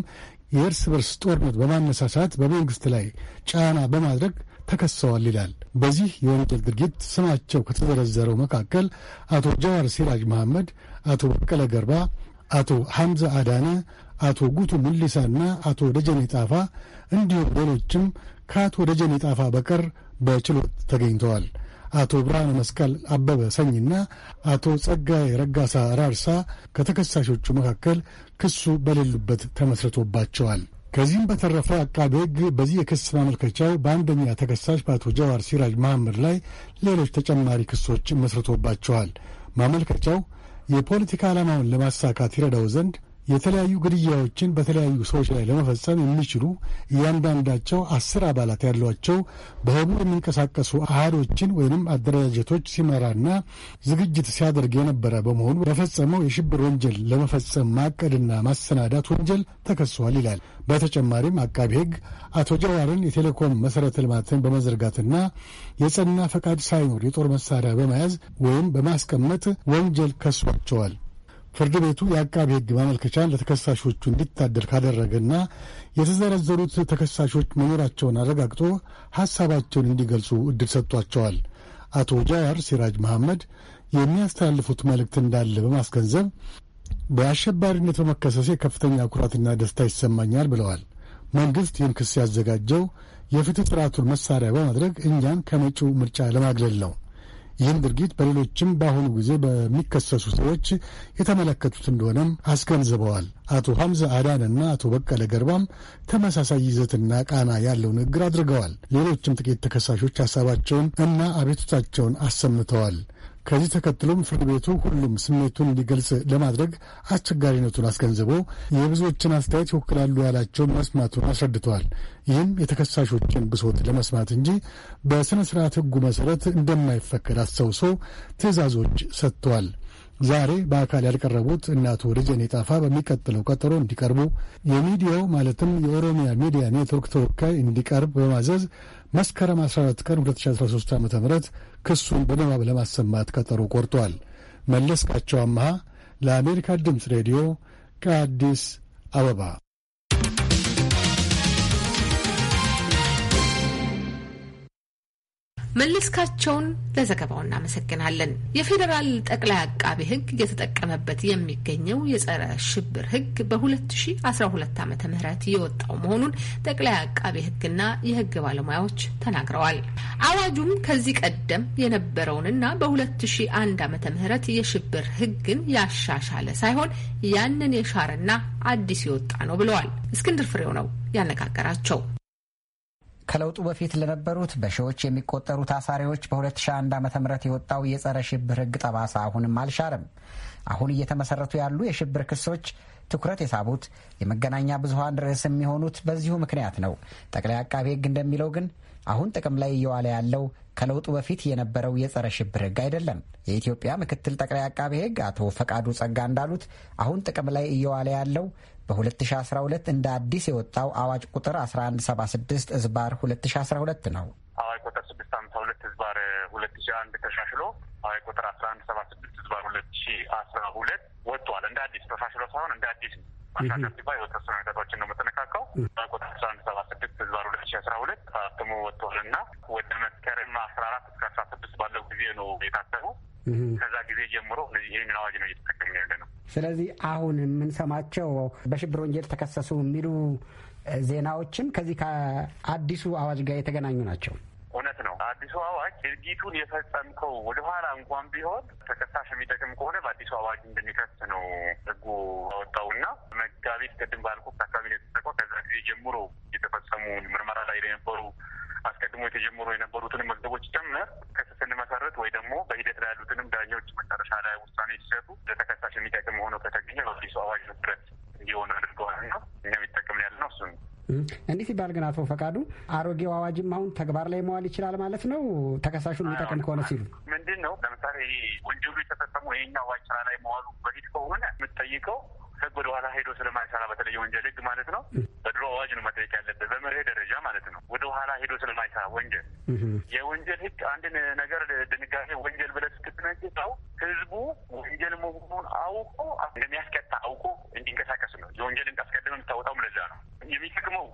የእርስ በርስ ጦርነት በማነሳሳት በመንግሥት ላይ ጫና በማድረግ ተከሰዋል ይላል። በዚህ የወንጀል ድርጊት ስማቸው ከተዘረዘረው መካከል አቶ ጀዋር ሲራጅ መሐመድ፣ አቶ በቀለ ገርባ፣ አቶ ሐምዛ አዳነ፣ አቶ ጉቱ ሙሊሳና አቶ ደጀኔ ጣፋ እንዲሁም ሌሎችም ከአቶ ደጀኔ ጣፋ በቀር በችሎት ተገኝተዋል። አቶ ብርሃነ መስቀል አበበ ሰኝና አቶ ጸጋይ ረጋሳ ራርሳ ከተከሳሾቹ መካከል ክሱ በሌሉበት ተመስርቶባቸዋል። ከዚህም በተረፈ አቃቤ ሕግ በዚህ የክስ ማመልከቻው በአንደኛ ተከሳሽ በአቶ ጀዋር ሲራጅ መሐመድ ላይ ሌሎች ተጨማሪ ክሶች መስርቶባቸዋል። ማመልከቻው የፖለቲካ ዓላማውን ለማሳካት ይረዳው ዘንድ የተለያዩ ግድያዎችን በተለያዩ ሰዎች ላይ ለመፈጸም የሚችሉ እያንዳንዳቸው አስር አባላት ያሏቸው በህቡ የሚንቀሳቀሱ አህዶችን ወይንም አደረጃጀቶች ሲመራና ዝግጅት ሲያደርግ የነበረ በመሆኑ በፈጸመው የሽብር ወንጀል ለመፈጸም ማቀድና ማሰናዳት ወንጀል ተከሷል ይላል። በተጨማሪም አቃቢ ህግ አቶ ጀዋርን የቴሌኮም መሠረተ ልማትን በመዘርጋትና የጸና ፈቃድ ሳይኖር የጦር መሳሪያ በመያዝ ወይም በማስቀመጥ ወንጀል ከሷቸዋል። ፍርድ ቤቱ የአቃቢ ሕግ ማመልከቻን ለተከሳሾቹ እንዲታደል ካደረገና የተዘረዘሩት ተከሳሾች መኖራቸውን አረጋግጦ ሐሳባቸውን እንዲገልጹ እድል ሰጥቷቸዋል። አቶ ጃያር ሲራጅ መሐመድ የሚያስተላልፉት መልእክት እንዳለ በማስገንዘብ በአሸባሪነት በመከሰሴ ከፍተኛ ኩራትና ደስታ ይሰማኛል ብለዋል። መንግሥት ይህን ክስ ያዘጋጀው የፍትሕ ሥርዓቱን መሳሪያ በማድረግ እኛን ከመጪው ምርጫ ለማግለል ነው። ይህን ድርጊት በሌሎችም በአሁኑ ጊዜ በሚከሰሱ ሰዎች የተመለከቱት እንደሆነም አስገንዝበዋል። አቶ ሐምዘ አዳንና አቶ በቀለ ገርባም ተመሳሳይ ይዘትና ቃና ያለው ንግግር አድርገዋል። ሌሎችም ጥቂት ተከሳሾች ሀሳባቸውን እና አቤቱታቸውን አሰምተዋል። ከዚህ ተከትሎም ፍርድ ቤቱ ሁሉም ስሜቱን እንዲገልጽ ለማድረግ አስቸጋሪነቱን አስገንዝቦ የብዙዎችን አስተያየት ይወክላሉ ያላቸውን መስማቱን አስረድተዋል። ይህም የተከሳሾችን ብሶት ለመስማት እንጂ በሥነ ሥርዓት ሕጉ መሠረት እንደማይፈቀድ አስታውሶ ትዕዛዞች ሰጥተዋል። ዛሬ በአካል ያልቀረቡት እነ አቶ ደጀኔ ጣፋ በሚቀጥለው ቀጠሮ እንዲቀርቡ፣ የሚዲያው ማለትም የኦሮሚያ ሚዲያ ኔትወርክ ተወካይ እንዲቀርብ በማዘዝ መስከረም 14 ቀን 2013 ዓ ም ክሱን በንባብ ለማሰማት ቀጠሮ ቆርጧል። መለስካቸው አምሃ ለአሜሪካ ድምፅ ሬዲዮ ከአዲስ አበባ መለስካቸውን ለዘገባው እናመሰግናለን። የፌዴራል ጠቅላይ አቃቢ ሕግ እየተጠቀመበት የሚገኘው የጸረ ሽብር ሕግ በ2012 ዓ ም የወጣው መሆኑን ጠቅላይ አቃቢ ሕግና የሕግ ባለሙያዎች ተናግረዋል። አዋጁም ከዚህ ቀደም የነበረውንና በ2001 ዓ ም የሽብር ሕግን ያሻሻለ ሳይሆን ያንን የሻረና አዲስ የወጣ ነው ብለዋል። እስክንድር ፍሬው ነው ያነጋገራቸው። ከለውጡ በፊት ለነበሩት በሺዎች የሚቆጠሩ ታሳሪዎች በ2001 ዓ ም የወጣው የጸረ ሽብር ህግ ጠባሳ አሁንም አልሻርም። አሁን እየተመሰረቱ ያሉ የሽብር ክሶች ትኩረት የሳቡት የመገናኛ ብዙሀን ርዕስ የሚሆኑት በዚሁ ምክንያት ነው። ጠቅላይ አቃቤ ህግ እንደሚለው ግን አሁን ጥቅም ላይ እየዋለ ያለው ከለውጡ በፊት የነበረው የጸረ ሽብር ህግ አይደለም። የኢትዮጵያ ምክትል ጠቅላይ አቃቤ ህግ አቶ ፈቃዱ ጸጋ እንዳሉት አሁን ጥቅም ላይ እየዋለ ያለው በ2012 እንደ አዲስ የወጣው አዋጅ ቁጥር 1176 እዝባር 2012 ነው። አዋጅ ቁጥር 652 እዝባር 2001 ተሻሽሎ አዋጅ ቁጥር 1176 እዝባር 2012 ወጥቷል። እንደ አዲስ ተሻሽሎ ሳይሆን እንደ አዲስ ማሻሻል ሲባል የተወሰኑ ነገሮችን ነው የምትነካከው። ቁጥር አስራ አንድ ሰባ ስድስት ህዝባር ሁለት ሺ አስራ ሁለት አትሞ ወጥቷል እና ወደ መስከረም አስራ አራት እስከ አስራ ስድስት ባለው ጊዜ ነው የታሰሩ ከዛ ጊዜ ጀምሮ እነዚህ ይህንን አዋጅ ነው እየተጠቀምን ያለ ነው። ስለዚህ አሁን የምንሰማቸው በሽብር ወንጀል ተከሰሱ የሚሉ ዜናዎችም ከዚህ ከአዲሱ አዋጅ ጋር የተገናኙ ናቸው። እውነት ነው። አዲሱ አዋጅ ድርጊቱን የፈጸምከው ወደኋላ እንኳን ቢሆን ተከሳሽ የሚጠቅም ከሆነ በአዲሱ አዋጅ እንደሚከስ ነው ሕጉ ያወጣውና መጋቢት ቅድም ባልኩት አካባቢ ነው የተጠቀው ከዛ ጊዜ ጀምሮ የተፈጸሙ ምርመራ ላይ የነበሩ አስቀድሞ የተጀመሩ የነበሩትን መዝገቦች ጨምር ክስ ስንመሰርት ወይ ደግሞ በሂደት ላይ ያሉትንም ዳኞች መጨረሻ ላይ ውሳኔ ሲሰጡ ለተከሳሽ የሚጠቅም ሆኖ ከተገኘ በአዲሱ አዋጅ ንብረት እንዲሆን አድርገዋል እና እኛም ይጠቅምን ያለ ነው እሱ እንዲህ ሲባል ግን አቶ ፈቃዱ አሮጌው አዋጅም አሁን ተግባር ላይ መዋል ይችላል ማለት ነው ተከሳሹን የሚጠቅም ከሆነ ሲሉ ምንድን ነው ለምሳሌ ወንጀሉ የተፈጸሙ ይሄኛ አዋጅ ስራ ላይ መዋሉ በፊት ከሆነ የምትጠይቀው ህግ ወደ ኋላ ሄዶ ስለማይሰራ በተለየ ወንጀል ህግ ማለት ነው። በድሮ አዋጅ ነው መጠየቅ ያለበት በመርህ ደረጃ ማለት ነው። ወደ ኋላ ሄዶ ስለማይሰራ ወንጀል የወንጀል ህግ አንድን ነገር ድንጋጌ ወንጀል ብለህ ስትነግረው ህዝቡ ወንጀል መሆኑን አውቆ እንደሚያስቀጣ አውቆ እንዲንቀሳቀስ ነው። የወንጀልን አስቀድመ የምታወጣው ለዛ ነው የሚጠቅመው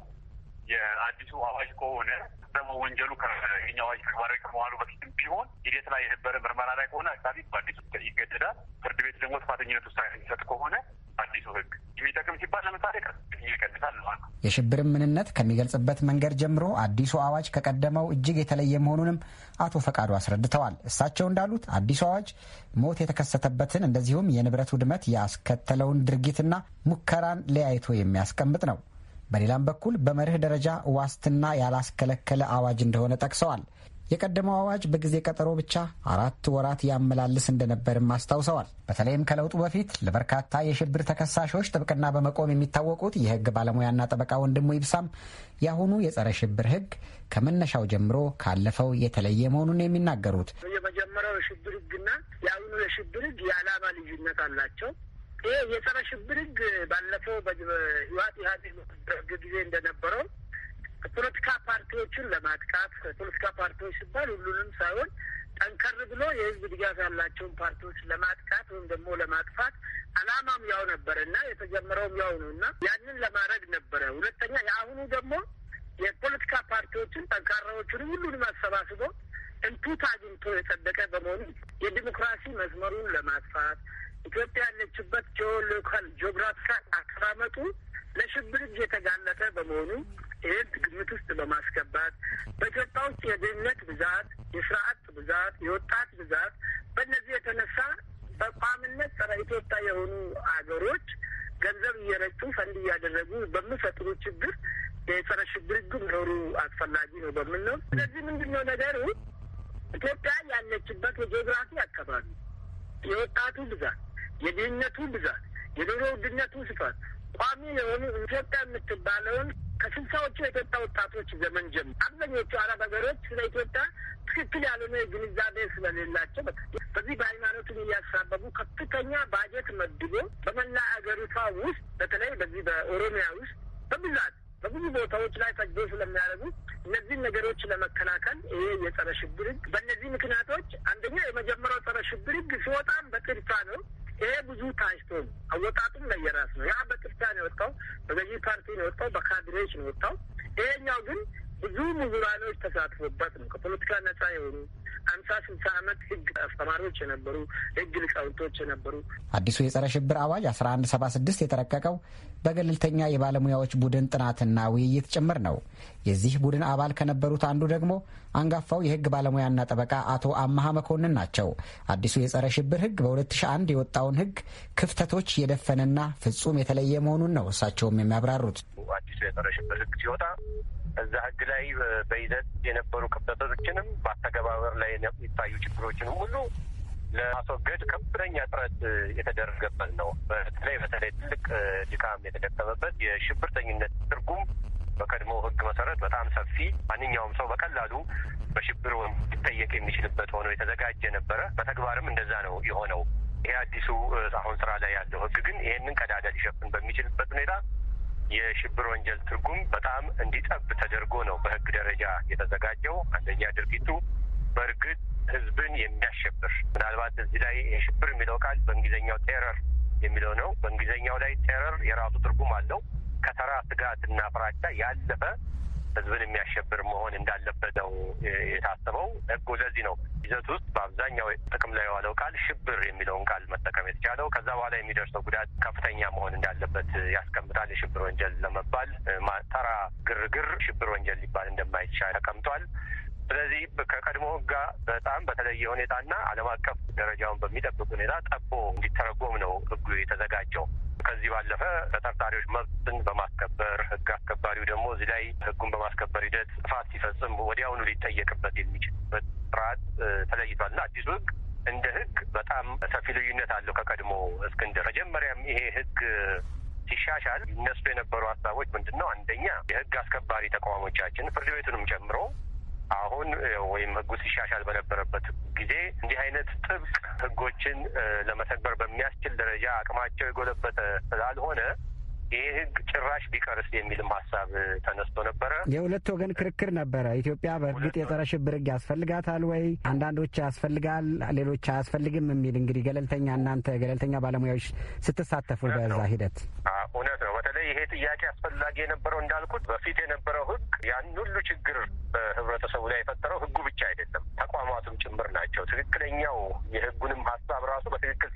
የአዲሱ አዋጅ ከሆነ ደግሞ ወንጀሉ ከኛ አዋጅ ተግባራዊ ከመዋሉ በፊትም ቢሆን ሂደት ላይ የነበረ ምርመራ ላይ ከሆነ አካባቢ በአዲሱ ይገደዳል። ፍርድ ቤት ደግሞ ጥፋተኝነት ውሳኔ የሚሰጥ ከሆነ አዲሱ ህግ የሚጠቅም ሲባል ለምሳሌ ይቀንሳል ነው። የሽብርን ምንነት ከሚገልጽበት መንገድ ጀምሮ አዲሱ አዋጅ ከቀደመው እጅግ የተለየ መሆኑንም አቶ ፈቃዱ አስረድተዋል። እሳቸው እንዳሉት አዲሱ አዋጅ ሞት የተከሰተበትን እንደዚሁም የንብረት ውድመት ያስከተለውን ድርጊትና ሙከራን ለያይቶ የሚያስቀምጥ ነው። በሌላም በኩል በመርህ ደረጃ ዋስትና ያላስከለከለ አዋጅ እንደሆነ ጠቅሰዋል። የቀደመው አዋጅ በጊዜ ቀጠሮ ብቻ አራት ወራት ያመላልስ እንደነበርም አስታውሰዋል። በተለይም ከለውጡ በፊት ለበርካታ የሽብር ተከሳሾች ጥብቅና በመቆም የሚታወቁት የሕግ ባለሙያና ጠበቃ ወንድሙ ይብሳም የአሁኑ የጸረ ሽብር ሕግ ከመነሻው ጀምሮ ካለፈው የተለየ መሆኑን የሚናገሩት የመጀመሪያው የሽብር ሕግና የአሁኑ የሽብር ሕግ የዓላማ ልዩነት አላቸው። ይህ የጸረ ሽብር ሕግ ባለፈው ኢህአዴግ ጊዜ እንደነበረው ፖለቲካ ፓርቲዎችን ለማጥቃት ፖለቲካ ፓርቲዎች ሲባል ሁሉንም ሳይሆን ጠንከር ብሎ የህዝብ ድጋፍ ያላቸውን ፓርቲዎች ለማጥቃት ወይም ደግሞ ለማጥፋት አላማም ያው ነበረ እና የተጀመረውም ያው ነው እና ያንን ለማድረግ ነበረ። ሁለተኛ የአሁኑ ደግሞ የፖለቲካ ፓርቲዎችን ጠንካራዎችን ሁሉንም አሰባስቦ እንቱት አግኝቶ የጸደቀ በመሆኑ የዲሞክራሲ መስመሩን ለማጥፋት ኢትዮጵያ ያለችበት ጂኦሎካል ጂኦግራፊካል አቀማመጡ ለሽብር እጅ የተጋለጠ በመሆኑ ይህን ግምት ውስጥ በማስገባት በኢትዮጵያ ውስጥ የድህነት ብዛት፣ የስርዓት ብዛት፣ የወጣት ብዛት በእነዚህ የተነሳ በቋምነት ጸረ ኢትዮጵያ የሆኑ አገሮች ገንዘብ እየረጩ ፈንድ እያደረጉ በሚፈጥሩ ችግር የጸረ ሽብር ህግ መኖሩ አስፈላጊ ነው በምን ነው። ስለዚህ ምንድን ነው ነገሩ ኢትዮጵያ ያለችበት የጂኦግራፊ አካባቢ የወጣቱ ብዛት፣ የድህነቱ ብዛት የዶሮ ውድነቱ ስፋት ቋሚ የሆኑ ኢትዮጵያ የምትባለውን ከስልሳዎቹ የኢትዮጵያ ወጣቶች ዘመን ጀምሮ አብዛኞቹ አረብ ሀገሮች ስለ ኢትዮጵያ ትክክል ያልሆነ ግንዛቤ ስለሌላቸው በዚህ በሃይማኖቱን እያሳበቡ ከፍተኛ ባጀት መድቦ በመላ ሀገሪቷ ውስጥ በተለይ በዚህ በኦሮሚያ ውስጥ በብዛት በብዙ ቦታዎች ላይ ፈጆ ስለሚያደርጉ እነዚህን ነገሮች ለመከላከል ይሄ የጸረ ሽብር ህግ በእነዚህ ምክንያቶች አንደኛ የመጀመሪያው ጸረ ሽብር ህግ ሲወጣም በጥድፋ ነው ይሄ ብዙ ታጭቶ አወጣጡም ላይ የራስ ነው። ያ በጥርቻ ነው የወጣው፣ በገዢ ፓርቲ ነው የወጣው፣ በካድሬዎች ነው የወጣው። ይሄኛው ግን ብዙ ምሁራኖች ተሳትፎበት ነው ከፖለቲካ ነጻ የሆኑ አምሳ ስልሳ ዓመት ህግ አስተማሪዎች የነበሩ ህግ ሊቃውንቶች የነበሩ አዲሱ የጸረ ሽብር አዋጅ አስራ አንድ ሰባ ስድስት የተረቀቀው በገለልተኛ የባለሙያዎች ቡድን ጥናትና ውይይት ጭምር ነው። የዚህ ቡድን አባል ከነበሩት አንዱ ደግሞ አንጋፋው የህግ ባለሙያና ጠበቃ አቶ አመሀ መኮንን ናቸው። አዲሱ የጸረ ሽብር ህግ በ2001 የወጣውን ህግ ክፍተቶች የደፈነና ፍጹም የተለየ መሆኑን ነው እሳቸውም የሚያብራሩት። አዲሱ የጸረ ሽብር ህግ ሲወጣ እዛ ህግ ላይ በይዘት የነበሩ ክፍተቶችንም በአተገባበር ላይ የሚታዩ ችግሮችንም ሁሉ ለማስወገድ ከፍተኛ ጥረት የተደረገበት ነው። በተለይ በተለይ ትልቅ ድካም የተደከመበት የሽብርተኝነት ትርጉም በቀድሞ ህግ መሰረት በጣም ሰፊ ማንኛውም ሰው በቀላሉ በሽብር ወይም ሊጠየቅ የሚችልበት ሆኖ የተዘጋጀ ነበረ። በተግባርም እንደዛ ነው የሆነው። ይሄ አዲሱ አሁን ስራ ላይ ያለው ህግ ግን ይሄንን ቀዳዳ ሊሸፍን በሚችልበት ሁኔታ የሽብር ወንጀል ትርጉም በጣም እንዲጠብ ተደርጎ ነው በህግ ደረጃ የተዘጋጀው። አንደኛ ድርጊቱ በእርግጥ ህዝብን የሚያሸብር ምናልባት እዚህ ላይ የሽብር የሚለው ቃል በእንግሊዝኛው ቴረር የሚለው ነው። በእንግሊዝኛው ላይ ቴረር የራሱ ትርጉም አለው። ከተራ ስጋት እና ፍራቻ ያለፈ ህዝብን የሚያሸብር መሆን እንዳለበት ነው የታሰበው። ህጉ ለዚህ ነው ይዘት ውስጥ በአብዛኛው ጥቅም ላይ የዋለው ቃል ሽብር የሚለውን ቃል መጠቀም የተቻለው ከዛ በኋላ የሚደርሰው ጉዳት ከፍተኛ መሆን እንዳለበት ያስቀምጣል። የሽብር ወንጀል ለመባል ተራ ግርግር ሽብር ወንጀል ሊባል እንደማይቻል ተቀምጧል። ስለዚህ ከቀድሞ ሕግ ጋር በጣም በተለየ ሁኔታና ዓለም አቀፍ ደረጃውን በሚጠብቅ ሁኔታ ጠቦ እንዲተረጎም ነው ህጉ የተዘጋጀው። ከዚህ ባለፈ ተጠርጣሪዎች መብትን በማስከበር ህግ አስከባሪው ደግሞ እዚህ ላይ ህጉን በማስከበር ሂደት ጥፋት ሲፈጽም ወዲያውኑ ሊጠየቅበት የሚችልበት ስርዓት ተለይቷልና አዲሱ ህግ እንደ ህግ በጣም ሰፊ ልዩነት አለው ከቀድሞ እስክንድር። መጀመሪያም ይሄ ህግ ሲሻሻል ይነሱ የነበሩ ሀሳቦች ምንድን ነው? አንደኛ የህግ አስከባሪ ተቋሞቻችን ፍርድ ቤቱንም ጨምሮ አሁን ወይም ህጉ ሲሻሻል በነበረበት ጊዜ እንዲህ አይነት ጥብቅ ህጎችን ለመተግበር በሚያስችል ደረጃ አቅማቸው የጎለበተ ስላልሆነ ይሄ ህግ ጭራሽ ቢቀርስ የሚልም ሀሳብ ተነስቶ ነበረ። የሁለት ወገን ክርክር ነበረ። ኢትዮጵያ በእርግጥ የጸረ ሽብር ህግ ያስፈልጋታል ወይ? አንዳንዶች ያስፈልጋል፣ ሌሎች አያስፈልግም የሚል እንግዲህ ገለልተኛ እናንተ ገለልተኛ ባለሙያዎች ስትሳተፉ በዛ ሂደት እውነት ነው። በተለይ ይሄ ጥያቄ አስፈላጊ የነበረው እንዳልኩት በፊት የነበረው ህግ ያን ሁሉ ችግር በህብረተሰቡ ላይ የፈጠረው ህጉ ብቻ አይደለም፣ ተቋማቱም ጭምር ናቸው። ትክክለኛው የህጉንም ሀሳብ ራሱ በትክክል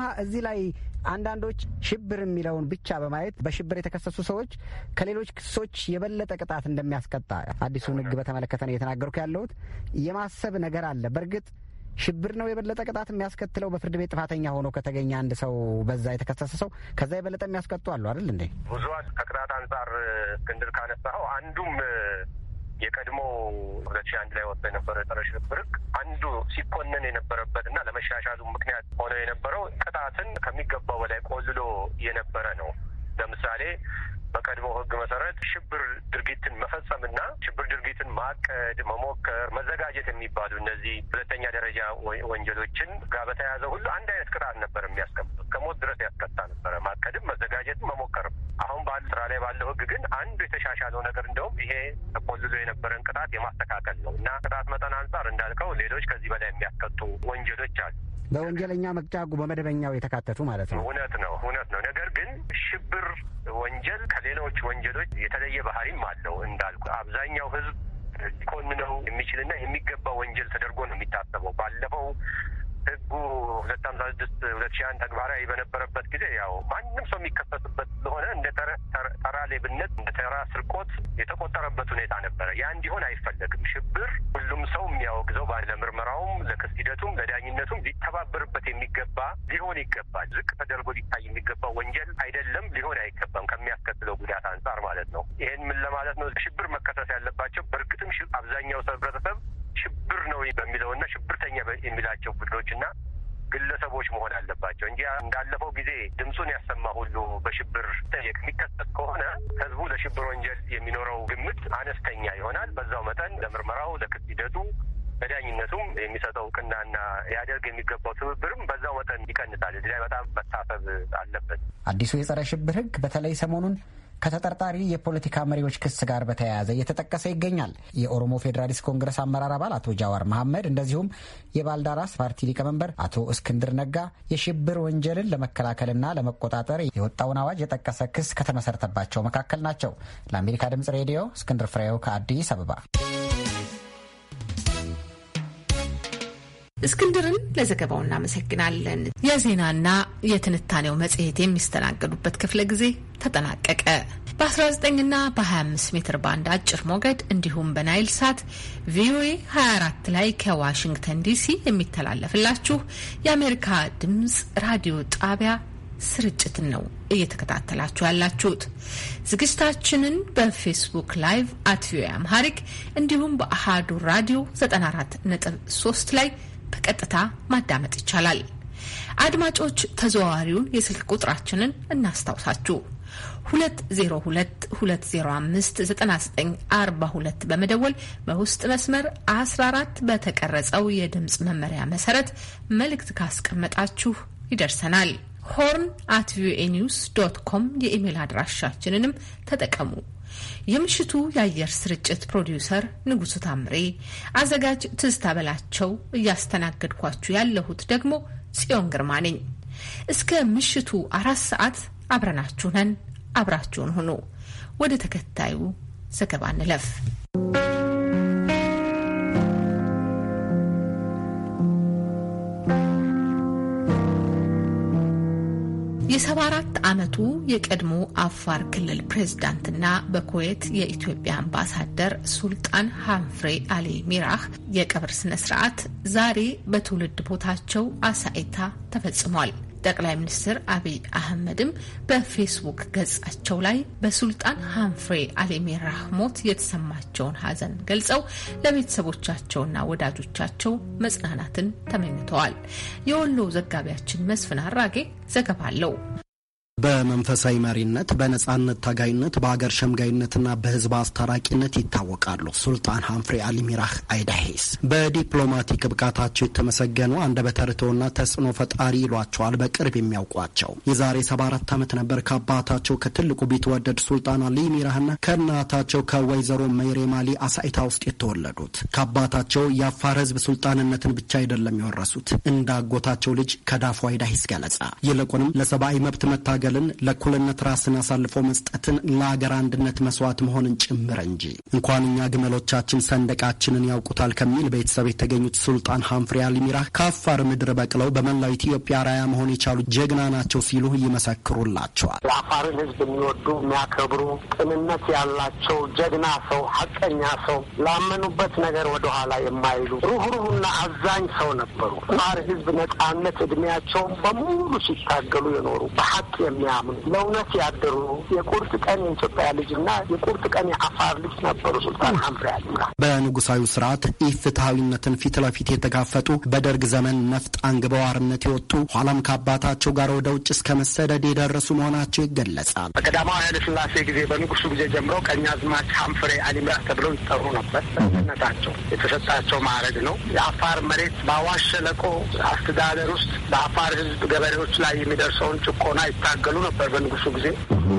ከተሰማ እዚህ ላይ አንዳንዶች ሽብር የሚለውን ብቻ በማየት በሽብር የተከሰሱ ሰዎች ከሌሎች ክሶች የበለጠ ቅጣት እንደሚያስቀጣ አዲሱን ሕግ በተመለከተ ነው እየተናገርኩ ያለሁት። የማሰብ ነገር አለ። በእርግጥ ሽብር ነው የበለጠ ቅጣት የሚያስከትለው። በፍርድ ቤት ጥፋተኛ ሆኖ ከተገኘ አንድ ሰው በዛ የተከሰሰ ሰው ከዛ የበለጠ የሚያስቀጡ አሉ አይደል እንዴ? ብዙ ከቅጣት አንጻር እስክንድር ካነሳኸው አንዱም የቀድሞ ሁለት ሺህ አንድ ላይ ወጥቶ የነበረ ጸረ ሽብር ሕግ አንዱ ሲኮነን የነበረበት እና ለመሻሻሉ ምክንያት ሆነው የነበረው ቅጣትን ከሚገባው በላይ ቆልሎ የነበረ ነው። ለምሳሌ በቀድሞ ህግ መሰረት ሽብር ድርጊትን መፈጸምና ሽብር ድርጊትን ማቀድ፣ መሞከር፣ መዘጋጀት የሚባሉ እነዚህ ሁለተኛ ደረጃ ወንጀሎችን ጋር በተያያዘ ሁሉ አንድ አይነት ቅጣት ነበር የሚያስቀምጡት። ከሞት ድረስ ያስቀጣ ነበረ፣ ማቀድም፣ መዘጋጀትም መሞከርም። አሁን ባለ ስራ ላይ ባለው ህግ ግን አንዱ የተሻሻለው ነገር እንደውም ይሄ ተቆልሎ የነበረን ቅጣት የማስተካከል ነው እና ቅጣት መጠን አንጻር እንዳልከው ሌሎች ከዚህ በላይ የሚያስቀጡ ወንጀሎች አሉ። በወንጀለኛ መቅጫ በመደበኛው የተካተቱ ማለት ነው። እውነት ነው፣ እውነት ነው። የሽብር ወንጀል ከሌሎች ወንጀሎች የተለየ ባህሪም አለው። እንዳልኩ አብዛኛው ህዝብ ሊኮንነው የሚችልና የሚገባ ወንጀል ተደርጎ ነው የሚታሰበው። ባለፈው ህጉ ሁለት ሀምሳ ስድስት ሁለት ሺህ አንድ ተግባራዊ በነበረበት ጊዜ ያው ማንም ሰው የሚከፈትበት ስለሆነ እንደ ተራ ሌብነት እንደ ተራ ስርቆት የተቆጠረበት ሁኔታ ነበረ። ያ እንዲሆን አይፈለግም። ሽብር ሁሉም ሰው የሚያወግዘው ለምርመራውም፣ ለክስ ሂደቱም፣ ለዳኝነቱም ሊተባበርበት የሚገባ ሊሆን ይገባል። ዝቅ ተደርጎ ሊታይ የሚገባው ወንጀል አይደለም፣ ሊሆን አይገባም ከሚያስከትለው ጉዳት አንጻር ማለት ነው። ይህን ምን ለማለት ነው? ሽብር መከሰስ ያለባቸው በእርግጥም አብዛኛው ህብረተሰብ ሽብር ነው በሚለውና ሽብርተኛ የሚላቸው ቡድኖችና ግለሰቦች መሆን አለባቸው እንጂ እንዳለፈው ጊዜ ድምፁን ያሰማ ሁሉ በሽብር ጠየቅ የሚከሰት ከሆነ ህዝቡ ለሽብር ወንጀል የሚኖረው ግምት አነስተኛ ይሆናል። በዛው መጠን ለምርመራው፣ ለክስ ሂደቱ በዳኝነቱም የሚሰጠው እውቅናና ያደርግ የሚገባው ትብብርም በዛው መጠን ይቀንሳል። እዚህ ላይ በጣም መታሰብ አለበት። አዲሱ የጸረ ሽብር ህግ በተለይ ሰሞኑን ከተጠርጣሪ የፖለቲካ መሪዎች ክስ ጋር በተያያዘ እየተጠቀሰ ይገኛል። የኦሮሞ ፌዴራሊስት ኮንግረስ አመራር አባል አቶ ጃዋር መሐመድ እንደዚሁም የባልዳራስ ፓርቲ ሊቀመንበር አቶ እስክንድር ነጋ የሽብር ወንጀልን ለመከላከልና ለመቆጣጠር የወጣውን አዋጅ የጠቀሰ ክስ ከተመሰረተባቸው መካከል ናቸው። ለአሜሪካ ድምጽ ሬዲዮ እስክንድር ፍሬው ከአዲስ አበባ እስክንድርን ለዘገባው እናመሰግናለን። የዜናና የትንታኔው መጽሔት የሚስተናገዱበት ክፍለ ጊዜ ተጠናቀቀ። በ19ና በ25 ሜትር ባንድ አጭር ሞገድ እንዲሁም በናይል ሳት ቪኦኤ 24 ላይ ከዋሽንግተን ዲሲ የሚተላለፍላችሁ የአሜሪካ ድምፅ ራዲዮ ጣቢያ ስርጭትን ነው እየተከታተላችሁ ያላችሁት። ዝግጅታችንን በፌስቡክ ላይቭ አት ቪኦኤ አምሃሪክ እንዲሁም በአሃዱ ራዲዮ 94.3 ላይ በቀጥታ ማዳመጥ ይቻላል። አድማጮች ተዘዋዋሪውን የስልክ ቁጥራችንን እናስታውሳችሁ 2022059942 በመደወል በውስጥ መስመር 14 በተቀረጸው የድምፅ መመሪያ መሰረት መልእክት ካስቀመጣችሁ ይደርሰናል። ሆርን አት ቪኦኤ ኒውስ ዶት ኮም የኢሜል አድራሻችንንም ተጠቀሙ። የምሽቱ የአየር ስርጭት ፕሮዲውሰር ንጉሱ ታምሬ፣ አዘጋጅ ትዝታ በላቸው፣ እያስተናገድኳችሁ ያለሁት ደግሞ ጽዮን ግርማ ነኝ። እስከ ምሽቱ አራት ሰዓት አብረናችሁ ነን። አብራችሁን ሁኑ። ወደ ተከታዩ ዘገባ እንለፍ። የ74 ዓመቱ የቀድሞ አፋር ክልል ፕሬዝዳንትና በኩዌት የኢትዮጵያ አምባሳደር ሱልጣን ሃንፍሬ አሊ ሚራህ የቀብር ስነ ስርዓት ዛሬ በትውልድ ቦታቸው አሳይታ ተፈጽሟል። ጠቅላይ ሚኒስትር አቢይ አህመድም በፌስቡክ ገጻቸው ላይ በሱልጣን ሃንፍሬ አልሜራህ ሞት የተሰማቸውን ሐዘን ገልጸው ለቤተሰቦቻቸውና ወዳጆቻቸው መጽናናትን ተመኝተዋል። የወሎ ዘጋቢያችን መስፍን አራጌ ዘገባ አለው። በመንፈሳዊ መሪነት፣ በነጻነት ታጋይነት፣ በሀገር ሸምጋይነትና በህዝብ አስታራቂነት ይታወቃሉ። ሱልጣን ሀምፍሪ አሊሚራህ አይዳሄስ በዲፕሎማቲክ ብቃታቸው የተመሰገኑ አንደበተ ርቱዕና ተጽዕኖ ፈጣሪ ይሏቸዋል በቅርብ የሚያውቋቸው። የዛሬ ሰባ ዓመት ነበር ከአባታቸው ከትልቁ ቢትወደድ ሱልጣን አሊ ከእናታቸው ከወይዘሮ መይሬም አሊ አሳይታ ውስጥ የተወለዱት። ከአባታቸው የአፋር ህዝብ ሱልጣንነትን ብቻ አይደለም የወረሱት፣ እንደ አጎታቸው ልጅ ከዳፎ አይዳሄስ ገለጻ ይልቁንም ለሰብአዊ መብት መታገ መታገልን ለእኩልነት ራስን አሳልፎ መስጠትን ለአገር አንድነት መስዋዕት መሆንን ጭምር እንጂ እንኳን እኛ ግመሎቻችን ሰንደቃችንን ያውቁታል ከሚል ቤተሰብ የተገኙት ሱልጣን ሀምፍሪ አልሚራ ከአፋር ምድር በቅለው በመላው ኢትዮጵያ ራያ መሆን የቻሉ ጀግና ናቸው ሲሉ ይመሰክሩላቸዋል። የአፋርን ሕዝብ የሚወዱ የሚያከብሩ፣ ቅንነት ያላቸው ጀግና ሰው፣ ሀቀኛ ሰው፣ ላመኑበት ነገር ወደኋላ የማይሉ ሩህሩህና አዛኝ ሰው ነበሩ። አፋር ሕዝብ ነጻነት እድሜያቸውን በሙሉ ሲታገሉ የኖሩ በሀቅ የሚያምኑ ለእውነት ያደሩ የቁርጥ ቀን የኢትዮጵያ ልጅና የቁርጥ ቀን የአፋር ልጅ ነበሩ። ሱልጣን ሐምሬ አሊ በንጉሳዊ ስርዓት ኢፍትሐዊነትን ፊት ለፊት የተጋፈጡ በደርግ ዘመን ነፍጥ አንግበው አርነት የወጡ ኋላም ከአባታቸው ጋር ወደ ውጭ እስከ መሰደድ የደረሱ መሆናቸው ይገለጻል። በቀዳማዊ ኃይለ ስላሴ ጊዜ በንጉሱ ጊዜ ጀምሮ ቀኛዝማች ሐምፍሬ አሊ አሊምራ ተብለው ይጠሩ ነበር። በነታቸው የተሰጣቸው ማዕረግ ነው። የአፋር መሬት በአዋሽ ሸለቆ አስተዳደር ውስጥ በአፋር ህዝብ ገበሬዎች ላይ የሚደርሰውን ጭቆና ይታ ሲታገሉ ነበር በንጉሱ ጊዜ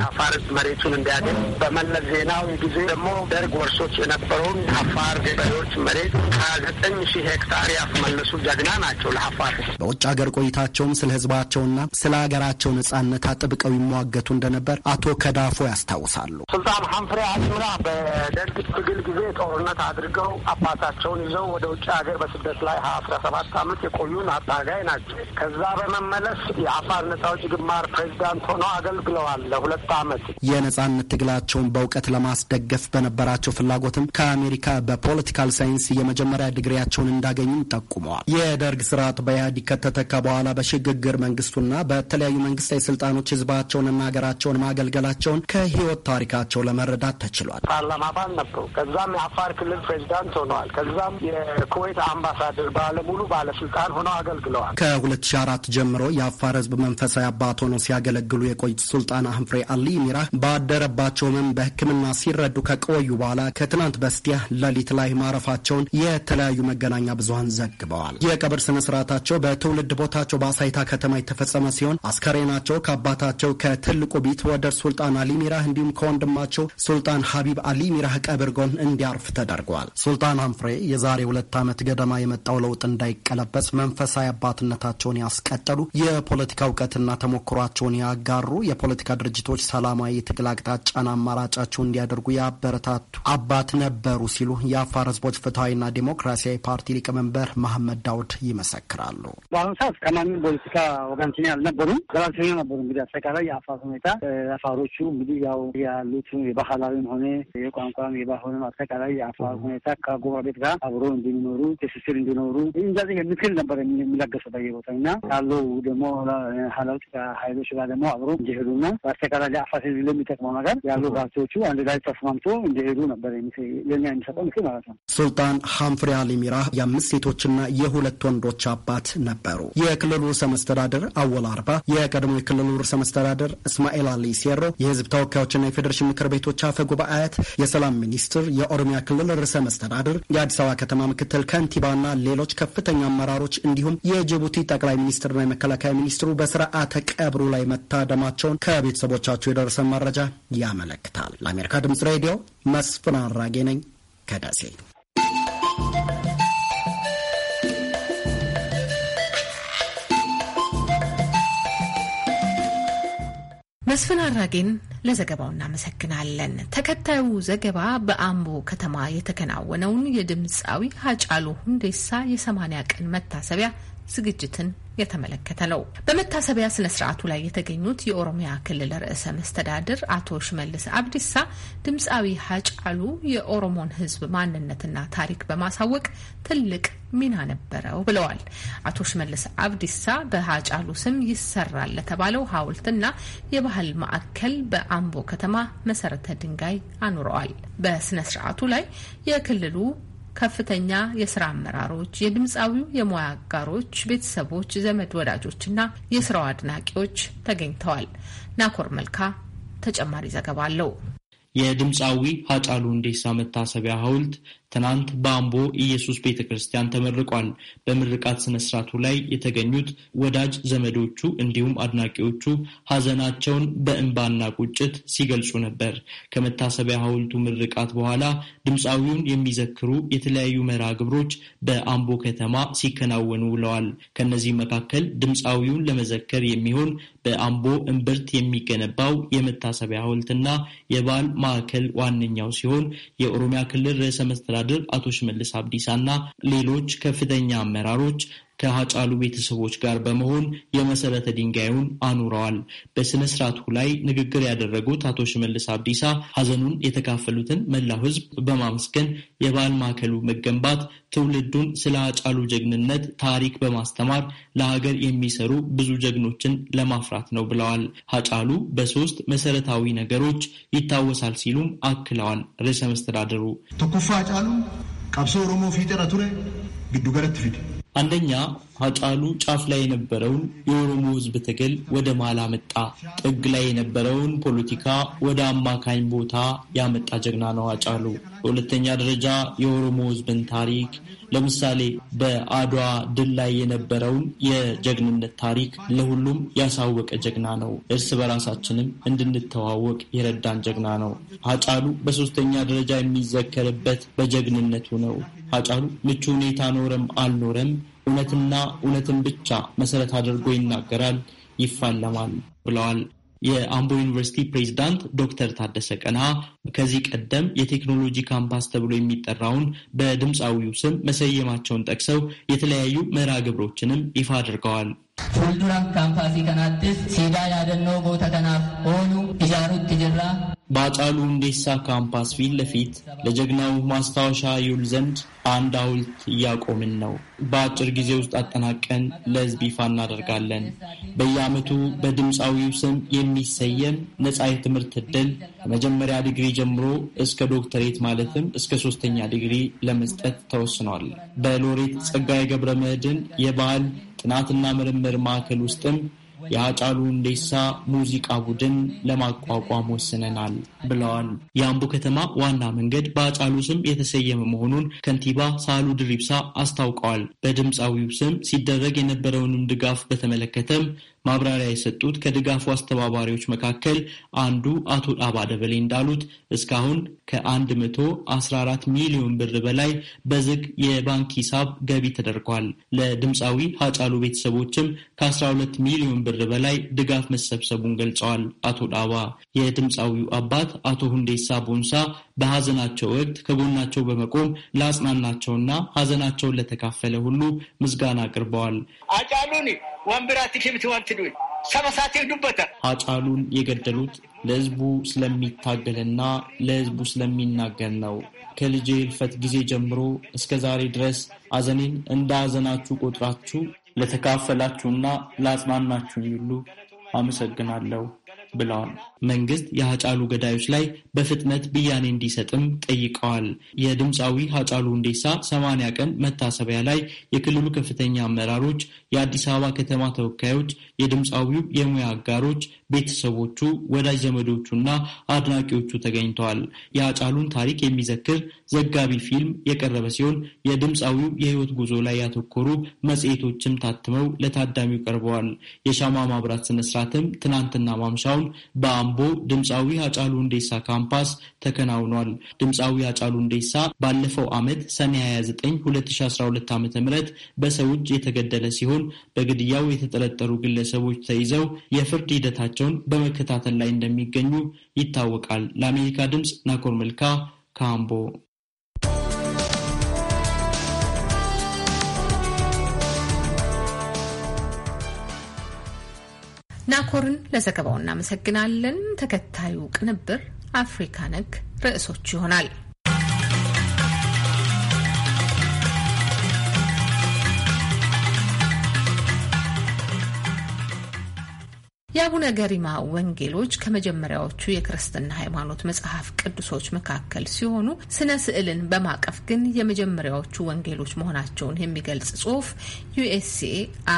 አፋር መሬቱን እንዲያገኝ። በመለስ ዜናዊ ጊዜ ደግሞ ደርግ ወርሶች የነበረውን አፋር ገበሬዎች መሬት ከዘጠኝ ሺህ ሄክታር ያስመለሱ ጀግና ናቸው ለአፋር። በውጭ ሀገር ቆይታቸውም ስለ ህዝባቸውና ስለ ሀገራቸው ነጻነት አጥብቀው ይሟገቱ እንደነበር አቶ ከዳፎ ያስታውሳሉ። ሱልጣን ሐምፍሬ አሊሙላ በደርግ ትግል ጊዜ ጦርነት አድርገው አባታቸውን ይዘው ወደ ውጭ ሀገር በስደት ላይ አስራ ሰባት አመት የቆዩ አታጋይ ናቸው። ከዛ በመመለስ የአፋር ነጻ አውጪ ግንባር ፕሬዚዳንት ፕሬዚዳንት ሆነው አገልግለዋል ለሁለት ዓመት። የነጻነት ትግላቸውን በእውቀት ለማስደገፍ በነበራቸው ፍላጎትም ከአሜሪካ በፖለቲካል ሳይንስ የመጀመሪያ ዲግሪያቸውን እንዳገኙም ጠቁመዋል። የደርግ ስርዓት በኢህአዴግ ከተተካ በኋላ በሽግግር መንግስቱና በተለያዩ መንግስታዊ ስልጣኖች ህዝባቸውንና ሀገራቸውን ማገልገላቸውን ከህይወት ታሪካቸው ለመረዳት ተችሏል። ፓርላማ አባል ነበሩ። ከዛም የአፋር ክልል ፕሬዚዳንት ሆነዋል። ከዛም የኩዌት አምባሳደር ባለሙሉ ባለስልጣን ሆነው አገልግለዋል። ከ2004 ጀምሮ የአፋር ህዝብ መንፈሳዊ አባት ሆነው ሲያገለ ሲያገለግሉ የቆዩት ሱልጣን አህምፍሬ አሊ ሚራ ባደረባቸው ህመም በሕክምና ሲረዱ ከቆዩ በኋላ ከትናንት በስቲያ ሌሊት ላይ ማረፋቸውን የተለያዩ መገናኛ ብዙሀን ዘግበዋል። የቀብር ስነ ስርዓታቸው በትውልድ ቦታቸው በአሳይታ ከተማ የተፈጸመ ሲሆን አስከሬናቸው ከአባታቸው ከትልቁ ቢትወደድ ሱልጣን አሊ ሚራህ እንዲሁም ከወንድማቸው ሱልጣን ሀቢብ አሊ ሚራህ ቀብር ጎን እንዲያርፍ ተደርጓል። ሱልጣን ሀምፍሬ የዛሬ ሁለት ዓመት ገደማ የመጣው ለውጥ እንዳይቀለበስ መንፈሳዊ አባትነታቸውን ያስቀጠሉ የፖለቲካ እውቀትና ተሞክሯቸውን ያ የሚያጋሩ የፖለቲካ ድርጅቶች ሰላማዊ የትግል አቅጣጫን አማራጫቸው እንዲያደርጉ ያበረታቱ አባት ነበሩ ሲሉ የአፋር ህዝቦች ፍትሐዊና ዲሞክራሲያዊ ፓርቲ ሊቀመንበር መሐመድ ዳውድ ይመሰክራሉ። በአሁኑ ሰዓት ከማንም ፖለቲካ ወገንተኛ አልነበሩም፣ ገለልተኛ ነበሩ። እንግዲህ አጠቃላይ የአፋር ሁኔታ አፋሮቹ እንግዲህ ያው ያሉት የባህላዊም ሆነ የቋንቋም የባህሆንም አጠቃላይ የአፋር ሁኔታ ከጎረቤት ጋር አብሮ እንዲኖሩ ትስስር እንዲኖሩ እንደዚህ የምክል ነበር የሚለገሰ በየቦታ እና ካለው ደግሞ ሀይሎች ጋር ደግሞ ደግሞ አብሮ እንዲሄዱና በአጠቃላይ ለአፋሴ ለሚጠቅመው ነገር ያሉ ፓርቲዎቹ አንድ ላይ ተስማምቶ እንዲሄዱ ነበር ለኛ የሚሰጠው ምክር ማለት ነው። ሱልጣን ሀምፍሪ አሊሚራ የአምስት ሴቶችና የሁለት ወንዶች አባት ነበሩ። የክልሉ ርዕሰ መስተዳደር አወል አርባ፣ የቀድሞ የክልሉ ርዕሰ መስተዳደር እስማኤል አሊ ሴሮ፣ የህዝብ ተወካዮችና የፌዴሬሽን ምክር ቤቶች አፈ ጉባኤያት፣ የሰላም ሚኒስትር፣ የኦሮሚያ ክልል ርዕሰ መስተዳድር፣ የአዲስ አበባ ከተማ ምክትል ከንቲባና ሌሎች ከፍተኛ አመራሮች እንዲሁም የጅቡቲ ጠቅላይ ሚኒስትርና የመከላከያ ሚኒስትሩ በስርዓተ ቀብሩ ላይ መ መታደማቸውን ከቤተሰቦቻቸው የደረሰን መረጃ ያመለክታል። ለአሜሪካ ድምጽ ሬዲዮ መስፍን አራጌ ነኝ ከደሴ። መስፍን አራጌን ለዘገባው እናመሰግናለን። ተከታዩ ዘገባ በአምቦ ከተማ የተከናወነውን የድምፃዊ ሀጫሉ ሁንዴሳ የሰማንያ ቀን መታሰቢያ ዝግጅትን የተመለከተ ነው። በመታሰቢያ ስነ ስርዓቱ ላይ የተገኙት የኦሮሚያ ክልል ርዕሰ መስተዳድር አቶ ሽመልስ አብዲሳ ድምፃዊ ሀጫሉ የኦሮሞን ሕዝብ ማንነትና ታሪክ በማሳወቅ ትልቅ ሚና ነበረው ብለዋል። አቶ ሽመልስ አብዲሳ በሀጫሉ ስም ይሰራል ለተባለው ሀውልትና የባህል ማዕከል በአምቦ ከተማ መሰረተ ድንጋይ አኑረዋል። በስነ ስርዓቱ ላይ የክልሉ ከፍተኛ የስራ አመራሮች፣ የድምፃዊው የሙያ አጋሮች፣ ቤተሰቦች፣ ዘመድ ወዳጆችና የስራው አድናቂዎች ተገኝተዋል። ናኮር መልካ ተጨማሪ ዘገባ አለው። የድምፃዊ ሀጫሉ ሁንዴሳ መታሰቢያ ሐውልት ትናንት በአምቦ ኢየሱስ ቤተ ክርስቲያን ተመርቋል። በምርቃት ስነ ላይ የተገኙት ወዳጅ ዘመዶቹ እንዲሁም አድናቂዎቹ ሀዘናቸውን በእንባና ቁጭት ሲገልጹ ነበር። ከመታሰቢያ ሐውልቱ ምርቃት በኋላ ድምፃዊውን የሚዘክሩ የተለያዩ መርሃ ግብሮች በአምቦ ከተማ ሲከናወኑ ውለዋል። ከእነዚህ መካከል ድምፃዊውን ለመዘከር የሚሆን በአምቦ እምብርት የሚገነባው የመታሰቢያ ሐውልትና የባህል ማዕከል ዋነኛው ሲሆን የኦሮሚያ ክልል ርዕሰ አስተዳደር አቶ ሽመልስ አብዲሳና ሌሎች ከፍተኛ አመራሮች ከሀጫሉ ቤተሰቦች ጋር በመሆን የመሰረተ ድንጋዩን አኑረዋል። በስነ ስርዓቱ ላይ ንግግር ያደረጉት አቶ ሽመልስ አብዲሳ ሀዘኑን የተካፈሉትን መላው ህዝብ በማመስገን የባህል ማዕከሉ መገንባት ትውልዱን ስለ ሀጫሉ ጀግንነት ታሪክ በማስተማር ለሀገር የሚሰሩ ብዙ ጀግኖችን ለማፍራት ነው ብለዋል። ሀጫሉ በሶስት መሰረታዊ ነገሮች ይታወሳል ሲሉም አክለዋል። ርዕሰ መስተዳደሩ ። ተኩፋ ሀጫሉ ቀብሶ ኦሮሞ ፊጠረ ቱሬ ገረት ፊድ አንደኛ ሀጫሉ ጫፍ ላይ የነበረውን የኦሮሞ ህዝብ ትግል ወደ ማላ መጣ። ጥግ ላይ የነበረውን ፖለቲካ ወደ አማካኝ ቦታ ያመጣ ጀግና ነው ሀጫሉ። በሁለተኛ ደረጃ የኦሮሞ ህዝብን ታሪክ ለምሳሌ በአድዋ ድል ላይ የነበረውን የጀግንነት ታሪክ ለሁሉም ያሳወቀ ጀግና ነው። እርስ በራሳችንም እንድንተዋወቅ የረዳን ጀግና ነው። ሀጫሉ በሶስተኛ ደረጃ የሚዘከርበት በጀግንነቱ ነው። ሀጫሉ ምቹ ሁኔታ ኖረም አልኖረም እውነትና እውነትን ብቻ መሰረት አድርጎ ይናገራል፣ ይፋለማል ብለዋል። የአምቦ ዩኒቨርሲቲ ፕሬዚዳንት ዶክተር ታደሰ ቀና ከዚህ ቀደም የቴክኖሎጂ ካምፓስ ተብሎ የሚጠራውን በድምፃዊው ስም መሰየማቸውን ጠቅሰው የተለያዩ መርሃ ግብሮችንም ይፋ አድርገዋል። Fuuldura kaampaasii kanaattis siidaa yaadannoo goota kanaaf oolu ijaaruutti jirra። በአጫሉ ሁንዴሳ ካምፓስ ፊት ለፊት ለጀግናው ማስታወሻ ይውል ዘንድ አንድ ሐውልት እያቆምን ነው። በአጭር ጊዜ ውስጥ አጠናቀን ለሕዝብ ይፋ እናደርጋለን። በየዓመቱ በድምፃዊው ስም የሚሰየም ነፃ የትምህርት ዕድል ከመጀመሪያ ዲግሪ ጀምሮ እስከ ዶክተሬት ማለትም እስከ ሶስተኛ ዲግሪ ለመስጠት ተወስኗል። በሎሬት ጸጋዬ ገብረ መድኅን የባህል ጥናትና ምርምር ማዕከል ውስጥም የአጫሉ ሁንዴሳ ሙዚቃ ቡድን ለማቋቋም ወስነናል ብለዋል። የአምቦ ከተማ ዋና መንገድ በአጫሉ ስም የተሰየመ መሆኑን ከንቲባ ሳሉ ድሪብሳ አስታውቀዋል። በድምፃዊው ስም ሲደረግ የነበረውንም ድጋፍ በተመለከተም ማብራሪያ የሰጡት ከድጋፉ አስተባባሪዎች መካከል አንዱ አቶ ጣባ ደበሌ እንዳሉት እስካሁን ከ114 ሚሊዮን ብር በላይ በዝግ የባንክ ሂሳብ ገቢ ተደርጓል። ለድምፃዊ ሀጫሉ ቤተሰቦችም ከ12 ሚሊዮን ብር በላይ ድጋፍ መሰብሰቡን ገልጸዋል። አቶ ጣባ የድምፃዊው አባት አቶ ሁንዴሳ ቦንሳ በሐዘናቸው ወቅት ከጎናቸው በመቆም ለአጽናናቸውና ሐዘናቸውን ለተካፈለ ሁሉ ምስጋና አቅርበዋል። አጫሉን ወንብራት ሽብት ወንትዱ ሰበሳት ሄዱበታል። አጫሉን የገደሉት ለህዝቡ ስለሚታገልና ለህዝቡ ስለሚናገር ነው። ከልጄ ህልፈት ጊዜ ጀምሮ እስከ ዛሬ ድረስ አዘኔን እንደ አዘናችሁ ቆጥራችሁ ለተካፈላችሁና ለአጽናናችሁኝ ሁሉ አመሰግናለሁ። ብለዋል። መንግስት የሀጫሉ ገዳዮች ላይ በፍጥነት ብያኔ እንዲሰጥም ጠይቀዋል። የድምፃዊ ሀጫሉ ሁንዴሳ ሰማንያ ቀን መታሰቢያ ላይ የክልሉ ከፍተኛ አመራሮች፣ የአዲስ አበባ ከተማ ተወካዮች፣ የድምፃዊው የሙያ አጋሮች፣ ቤተሰቦቹ፣ ወዳጅ ዘመዶቹና አድናቂዎቹ ተገኝተዋል። የሀጫሉን ታሪክ የሚዘክር ዘጋቢ ፊልም የቀረበ ሲሆን የድምፃዊው የህይወት ጉዞ ላይ ያተኮሩ መጽሔቶችም ታትመው ለታዳሚው ቀርበዋል። የሻማ ማብራት ስነስርዓትም ትናንትና ማምሻውን ማምሻውን በአምቦ ድምፃዊ አጫሉ ሁንዴሳ ካምፓስ ተከናውኗል። ድምፃዊ አጫሉ ሁንዴሳ ባለፈው ዓመት ሰኔ 29 2012 ዓ ም በሰው እጅ የተገደለ ሲሆን በግድያው የተጠረጠሩ ግለሰቦች ተይዘው የፍርድ ሂደታቸውን በመከታተል ላይ እንደሚገኙ ይታወቃል። ለአሜሪካ ድምፅ ናኮር መልካ ካምቦ ናኮርን ለዘገባው እናመሰግናለን። ተከታዩ ቅንብር አፍሪካ ነክ ርዕሶች ይሆናል። የአቡነ ገሪማ ወንጌሎች ከመጀመሪያዎቹ የክርስትና ሃይማኖት መጽሐፍ ቅዱሶች መካከል ሲሆኑ ስነ ስዕልን በማቀፍ ግን የመጀመሪያዎቹ ወንጌሎች መሆናቸውን የሚገልጽ ጽሑፍ ዩኤስኤ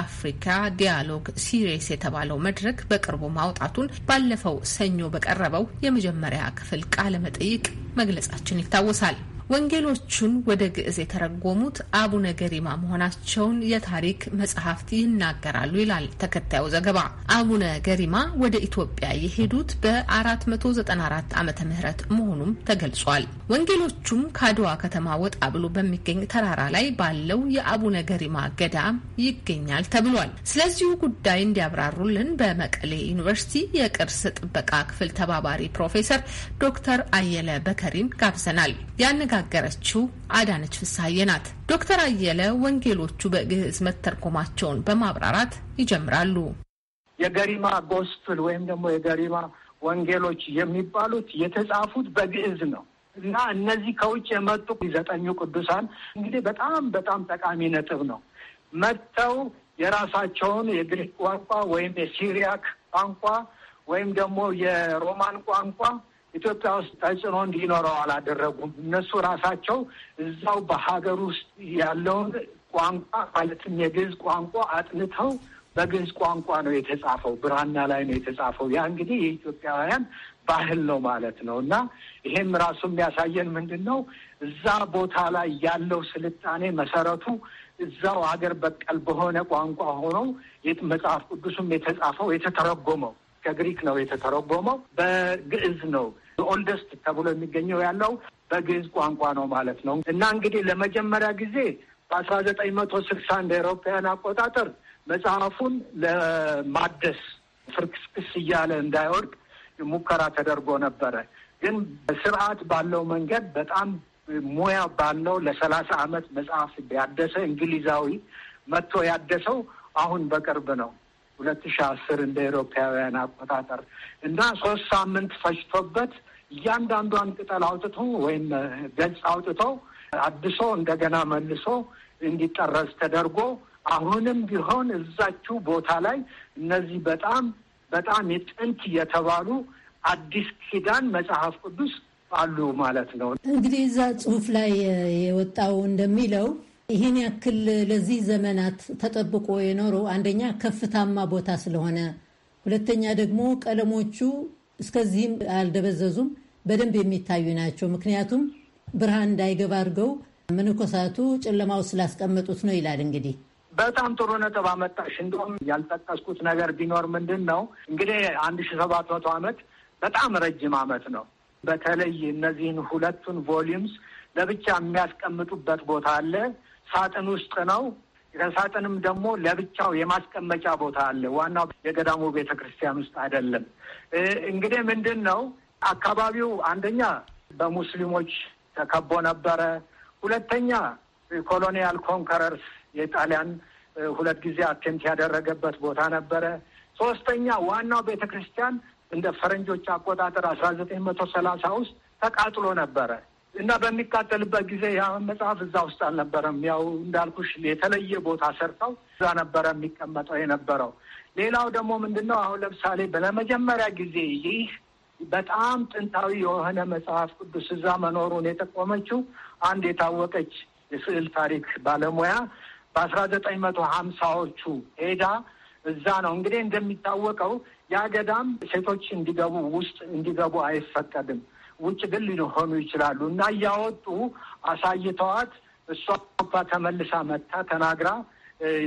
አፍሪካ ዲያሎግ ሲሪስ የተባለው መድረክ በቅርቡ ማውጣቱን ባለፈው ሰኞ በቀረበው የመጀመሪያ ክፍል ቃለ መጠይቅ መግለጻችን ይታወሳል። ወንጌሎቹን ወደ ግዕዝ የተረጎሙት አቡነ ገሪማ መሆናቸውን የታሪክ መጽሐፍት ይናገራሉ ይላል ተከታዩ ዘገባ። አቡነ ገሪማ ወደ ኢትዮጵያ የሄዱት በ494 ዓመተ ምህረት መሆኑም ተገልጿል። ወንጌሎቹም ከአድዋ ከተማ ወጣ ብሎ በሚገኝ ተራራ ላይ ባለው የአቡነ ገሪማ ገዳም ይገኛል ተብሏል። ስለዚሁ ጉዳይ እንዲያብራሩልን በመቀሌ ዩኒቨርሲቲ የቅርስ ጥበቃ ክፍል ተባባሪ ፕሮፌሰር ዶክተር አየለ በከሪን ጋብዘናል። ያነጋገረችው አዳነች ፍስሀዬ ናት። ዶክተር አየለ ወንጌሎቹ በግዕዝ መተርጎማቸውን በማብራራት ይጀምራሉ። የገሪማ ጎስፕል ወይም ደግሞ የገሪማ ወንጌሎች የሚባሉት የተጻፉት በግዕዝ ነው እና እነዚህ ከውጭ የመጡ ዘጠኙ ቅዱሳን እንግዲህ በጣም በጣም ጠቃሚ ነጥብ ነው። መጥተው የራሳቸውን የግሪክ ቋንቋ ወይም የሲሪያክ ቋንቋ ወይም ደግሞ የሮማን ቋንቋ ኢትዮጵያ ውስጥ ተጽዕኖ እንዲኖረው አላደረጉም። እነሱ ራሳቸው እዛው በሀገር ውስጥ ያለውን ቋንቋ ማለትም የግዕዝ ቋንቋ አጥንተው በግዕዝ ቋንቋ ነው የተጻፈው፣ ብራና ላይ ነው የተጻፈው። ያ እንግዲህ የኢትዮጵያውያን ባህል ነው ማለት ነው። እና ይሄም ራሱ የሚያሳየን ምንድን ነው እዛ ቦታ ላይ ያለው ስልጣኔ መሰረቱ እዛው ሀገር በቀል በሆነ ቋንቋ ሆኖ መጽሐፍ ቅዱሱም የተጻፈው የተተረጎመው ከግሪክ ነው የተተረጎመው፣ በግዕዝ ነው ኦልደስት ተብሎ የሚገኘው ያለው በግዕዝ ቋንቋ ነው ማለት ነው እና እንግዲህ ለመጀመሪያ ጊዜ በአስራ ዘጠኝ መቶ ስልሳ እንደ አውሮፓውያን አቆጣጠር መጽሐፉን ለማደስ ፍርክስክስ እያለ እንዳይወድቅ ሙከራ ተደርጎ ነበረ። ግን ስርዓት ባለው መንገድ በጣም ሙያ ባለው ለሰላሳ ዓመት መጽሐፍ ያደሰ እንግሊዛዊ መጥቶ ያደሰው አሁን በቅርብ ነው። ሁለት ሺ አስር እንደ ኤሮፓውያን አቆጣጠር እና ሶስት ሳምንት ፈጅቶበት እያንዳንዷን ቅጠል አውጥቶ ወይም ገጽ አውጥቶ አድሶ እንደገና መልሶ እንዲጠረዝ ተደርጎ አሁንም ቢሆን እዛችው ቦታ ላይ እነዚህ በጣም በጣም የጥንት የተባሉ አዲስ ኪዳን መጽሐፍ ቅዱስ አሉ ማለት ነው። እንግዲህ እዛ ጽሁፍ ላይ የወጣው እንደሚለው ይህን ያክል ለዚህ ዘመናት ተጠብቆ የኖረው አንደኛ ከፍታማ ቦታ ስለሆነ፣ ሁለተኛ ደግሞ ቀለሞቹ እስከዚህም አልደበዘዙም፣ በደንብ የሚታዩ ናቸው። ምክንያቱም ብርሃን እንዳይገባ አድርገው መነኮሳቱ ጨለማው ስላስቀመጡት ነው ይላል እንግዲህ በጣም ጥሩ ነጥብ አመጣሽ። እንደውም ያልጠቀስኩት ነገር ቢኖር ምንድን ነው እንግዲህ አንድ ሺ ሰባት መቶ አመት በጣም ረጅም አመት ነው። በተለይ እነዚህን ሁለቱን ቮሊዩምስ ለብቻ የሚያስቀምጡበት ቦታ አለ። ሳጥን ውስጥ ነው። ከሳጥንም ደግሞ ለብቻው የማስቀመጫ ቦታ አለ። ዋናው የገዳሙ ቤተ ክርስቲያን ውስጥ አይደለም። እንግዲህ ምንድን ነው አካባቢው አንደኛ በሙስሊሞች ተከቦ ነበረ። ሁለተኛ ኮሎኒያል ኮንከረርስ የጣሊያን ሁለት ጊዜ አቴምት ያደረገበት ቦታ ነበረ። ሶስተኛ ዋናው ቤተ ክርስቲያን እንደ ፈረንጆች አቆጣጠር አስራ ዘጠኝ መቶ ሰላሳ ውስጥ ተቃጥሎ ነበረ። እና በሚቃጠልበት ጊዜ ያ መጽሐፍ እዛ ውስጥ አልነበረም። ያው እንዳልኩሽ የተለየ ቦታ ሰርተው እዛ ነበረ የሚቀመጠው የነበረው። ሌላው ደግሞ ምንድን ነው አሁን ለምሳሌ ለመጀመሪያ ጊዜ ይህ በጣም ጥንታዊ የሆነ መጽሐፍ ቅዱስ እዛ መኖሩን የጠቆመችው አንድ የታወቀች የስዕል ታሪክ ባለሙያ በአስራ ዘጠኝ መቶ ሀምሳዎቹ ሄዳ እዛ ነው እንግዲህ እንደሚታወቀው ያ ገዳም ሴቶች እንዲገቡ ውስጥ እንዲገቡ አይፈቀድም። ውጭ ግን ሊሆኑ ይችላሉ እና እያወጡ አሳይተዋት እሷ ተመልሳ መታ ተናግራ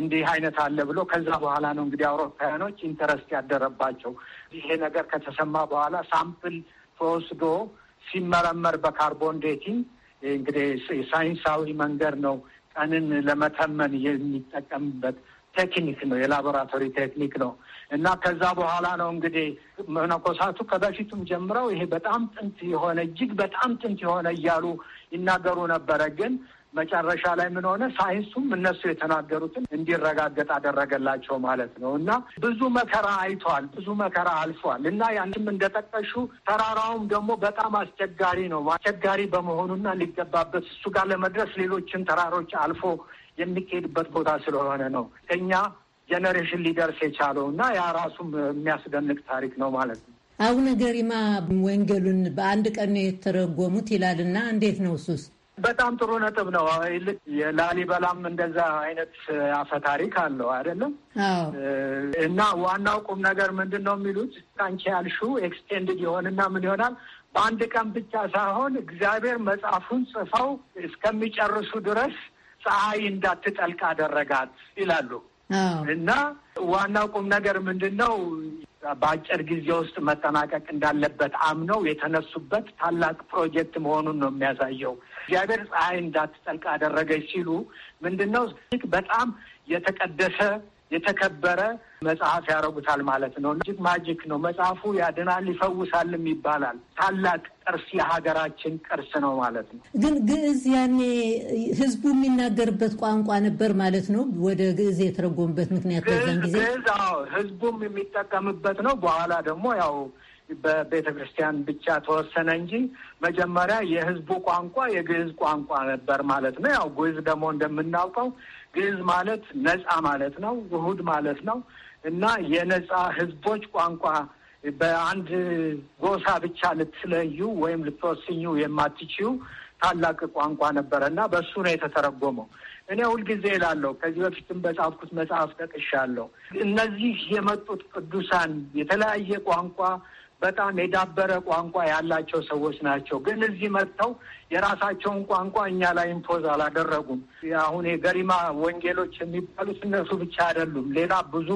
እንዲህ አይነት አለ ብሎ ከዛ በኋላ ነው እንግዲህ አውሮፓውያኖች ኢንተረስት ያደረባቸው። ይሄ ነገር ከተሰማ በኋላ ሳምፕል ተወስዶ ሲመረመር በካርቦን ዴቲንግ እንግዲህ ሳይንሳዊ መንገድ ነው ቀንን ለመተመን የሚጠቀምበት ቴክኒክ ነው፣ የላቦራቶሪ ቴክኒክ ነው እና ከዛ በኋላ ነው እንግዲህ መነኮሳቱ ከበፊቱም ጀምረው ይሄ በጣም ጥንት የሆነ እጅግ በጣም ጥንት የሆነ እያሉ ይናገሩ ነበረ ግን መጨረሻ ላይ ምን ሆነ? ሳይንሱም እነሱ የተናገሩትን እንዲረጋገጥ አደረገላቸው ማለት ነው እና ብዙ መከራ አይቷል፣ ብዙ መከራ አልፏል እና ያንም እንደጠቀሹ ተራራውም ደግሞ በጣም አስቸጋሪ ነው። አስቸጋሪ በመሆኑና ሊገባበት እሱ ጋር ለመድረስ ሌሎችን ተራሮች አልፎ የሚካሄድበት ቦታ ስለሆነ ነው እኛ ጀነሬሽን ሊደርስ የቻለው እና ያ ራሱም የሚያስደንቅ ታሪክ ነው ማለት ነው። አቡነ ገሪማ ወንጌሉን በአንድ ቀን ነው የተረጎሙት እና እንዴት ነው እሱስ? በጣም ጥሩ ነጥብ ነው። ይልቅ የላሊበላም እንደዛ አይነት አፈ ታሪክ አለው አይደለም። እና ዋናው ቁም ነገር ምንድን ነው የሚሉት አንቺ ያልሹ ኤክስቴንድድ የሆንና ምን ይሆናል በአንድ ቀን ብቻ ሳይሆን እግዚአብሔር መጽሐፉን ጽፈው እስከሚጨርሱ ድረስ ፀሐይ እንዳትጠልቅ አደረጋት ይላሉ። እና ዋናው ቁም ነገር ምንድን ነው? በአጭር ጊዜ ውስጥ መጠናቀቅ እንዳለበት አምነው የተነሱበት ታላቅ ፕሮጀክት መሆኑን ነው የሚያሳየው። እግዚአብሔር ፀሐይ እንዳትጠልቅ አደረገች ሲሉ ምንድን ነው በጣም የተቀደሰ የተከበረ መጽሐፍ ያደረጉታል ማለት ነው። እጅግ ማጅክ ነው መጽሐፉ። ያድናል ይፈውሳልም ይባላል። ታላቅ ቅርስ፣ የሀገራችን ቅርስ ነው ማለት ነው። ግን ግዕዝ ያኔ ህዝቡ የሚናገርበት ቋንቋ ነበር ማለት ነው። ወደ ግዕዝ የተረጎምበት ምክንያት በዛን ጊዜ ግዕዝ ህዝቡም የሚጠቀምበት ነው። በኋላ ደግሞ ያው በቤተ ክርስቲያን ብቻ ተወሰነ እንጂ መጀመሪያ የህዝቡ ቋንቋ የግዕዝ ቋንቋ ነበር ማለት ነው። ያው ግዕዝ ደግሞ እንደምናውቀው ግዕዝ ማለት ነጻ ማለት ነው፣ ውሁድ ማለት ነው እና የነጻ ህዝቦች ቋንቋ በአንድ ጎሳ ብቻ ልትለዩ ወይም ልትወስኙ የማትችዩ ታላቅ ቋንቋ ነበረ እና በሱ ነው የተተረጎመው። እኔ ሁልጊዜ እላለሁ፣ ከዚህ በፊትም በጻፍኩት መጽሐፍ ጠቅሻለሁ። እነዚህ የመጡት ቅዱሳን የተለያየ ቋንቋ በጣም የዳበረ ቋንቋ ያላቸው ሰዎች ናቸው። ግን እዚህ መጥተው የራሳቸውን ቋንቋ እኛ ላይ ኢምፖዝ አላደረጉም። አሁን የገሪማ ወንጌሎች የሚባሉት እነሱ ብቻ አይደሉም። ሌላ ብዙ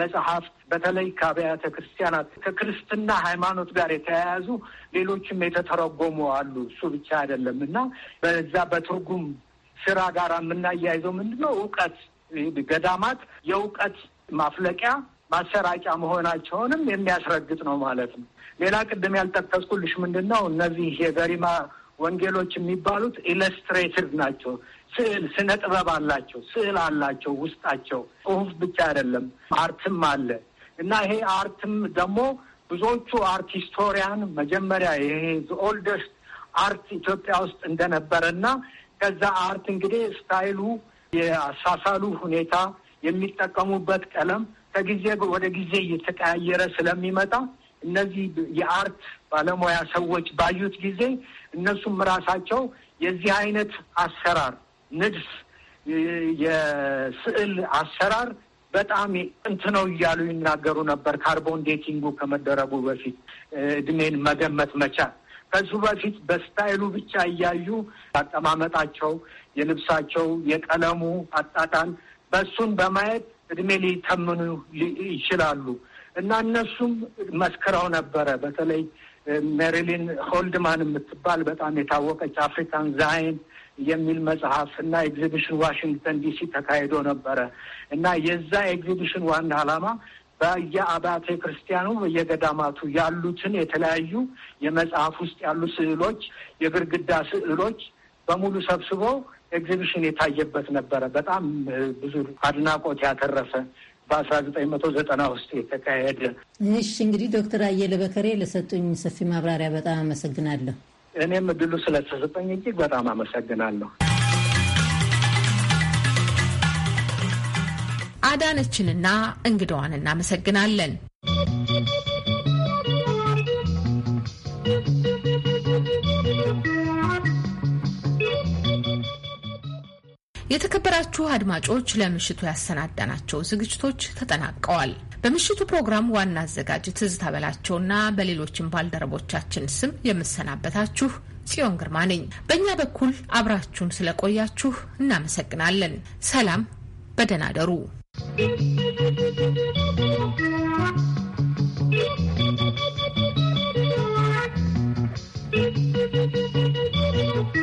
መጽሐፍት በተለይ ከአብያተ ክርስቲያናት ከክርስትና ሃይማኖት ጋር የተያያዙ ሌሎችም የተተረጎሙ አሉ። እሱ ብቻ አይደለም እና በዛ በትርጉም ስራ ጋር የምናያይዘው ምንድነው? እውቀት ገዳማት የእውቀት ማፍለቂያ ማሰራጫ መሆናቸውንም የሚያስረግጥ ነው ማለት ነው። ሌላ ቅድም ያልጠቀስኩልሽ ምንድን ነው እነዚህ የገሪማ ወንጌሎች የሚባሉት ኢለስትሬትድ ናቸው። ስዕል፣ ስነ ጥበብ አላቸው። ስዕል አላቸው ውስጣቸው። ጽሁፍ ብቻ አይደለም፣ አርትም አለ እና ይሄ አርትም ደግሞ ብዙዎቹ አርት ሂስቶሪያን መጀመሪያ ይሄ ኦልደስት አርት ኢትዮጵያ ውስጥ እንደነበረ እና ከዛ አርት እንግዲህ ስታይሉ፣ የአሳሳሉ ሁኔታ፣ የሚጠቀሙበት ቀለም ከጊዜ ወደ ጊዜ እየተቀያየረ ስለሚመጣ እነዚህ የአርት ባለሙያ ሰዎች ባዩት ጊዜ እነሱም ራሳቸው የዚህ አይነት አሰራር ንድፍ፣ የስዕል አሰራር በጣም ጥንት ነው እያሉ ይናገሩ ነበር። ካርቦን ዴቲንጉ ከመደረጉ በፊት እድሜን መገመት መቻል ከሱ በፊት በስታይሉ ብቻ እያዩ አጠማመጣቸው፣ የልብሳቸው፣ የቀለሙ አጣጣን በሱን በማየት እድሜ ሊተምኑ ይችላሉ እና እነሱም መስክረው ነበረ። በተለይ ሜሪሊን ሆልድማን የምትባል በጣም የታወቀች አፍሪካን ዛይን የሚል መጽሐፍ እና ኤግዚቢሽን ዋሽንግተን ዲሲ ተካሂዶ ነበረ እና የዛ ኤግዚቢሽን ዋና ዓላማ በየአብያተ ክርስቲያኑ በየገዳማቱ ያሉትን የተለያዩ የመጽሐፍ ውስጥ ያሉ ስዕሎች፣ የግርግዳ ስዕሎች በሙሉ ሰብስበው ኤግዚቢሽን የታየበት ነበረ። በጣም ብዙ አድናቆት ያተረፈ በአስራ ዘጠኝ መቶ ዘጠና ውስጥ የተካሄደ። እሺ እንግዲህ ዶክተር አየለ በከሬ ለሰጡኝ ሰፊ ማብራሪያ በጣም አመሰግናለሁ። እኔም እድሉ ስለተሰጠኝ እጅግ በጣም አመሰግናለሁ። አዳነችንና እንግዳዋን እናመሰግናለን። የተከበራችሁ አድማጮች ለምሽቱ ያሰናዳናቸው ዝግጅቶች ተጠናቀዋል። በምሽቱ ፕሮግራም ዋና አዘጋጅ ትዝታ በላቸውና በሌሎችም ባልደረቦቻችን ስም የምሰናበታችሁ ጽዮን ግርማ ነኝ። በእኛ በኩል አብራችሁን ስለቆያችሁ እናመሰግናለን። ሰላም፣ በደህና you.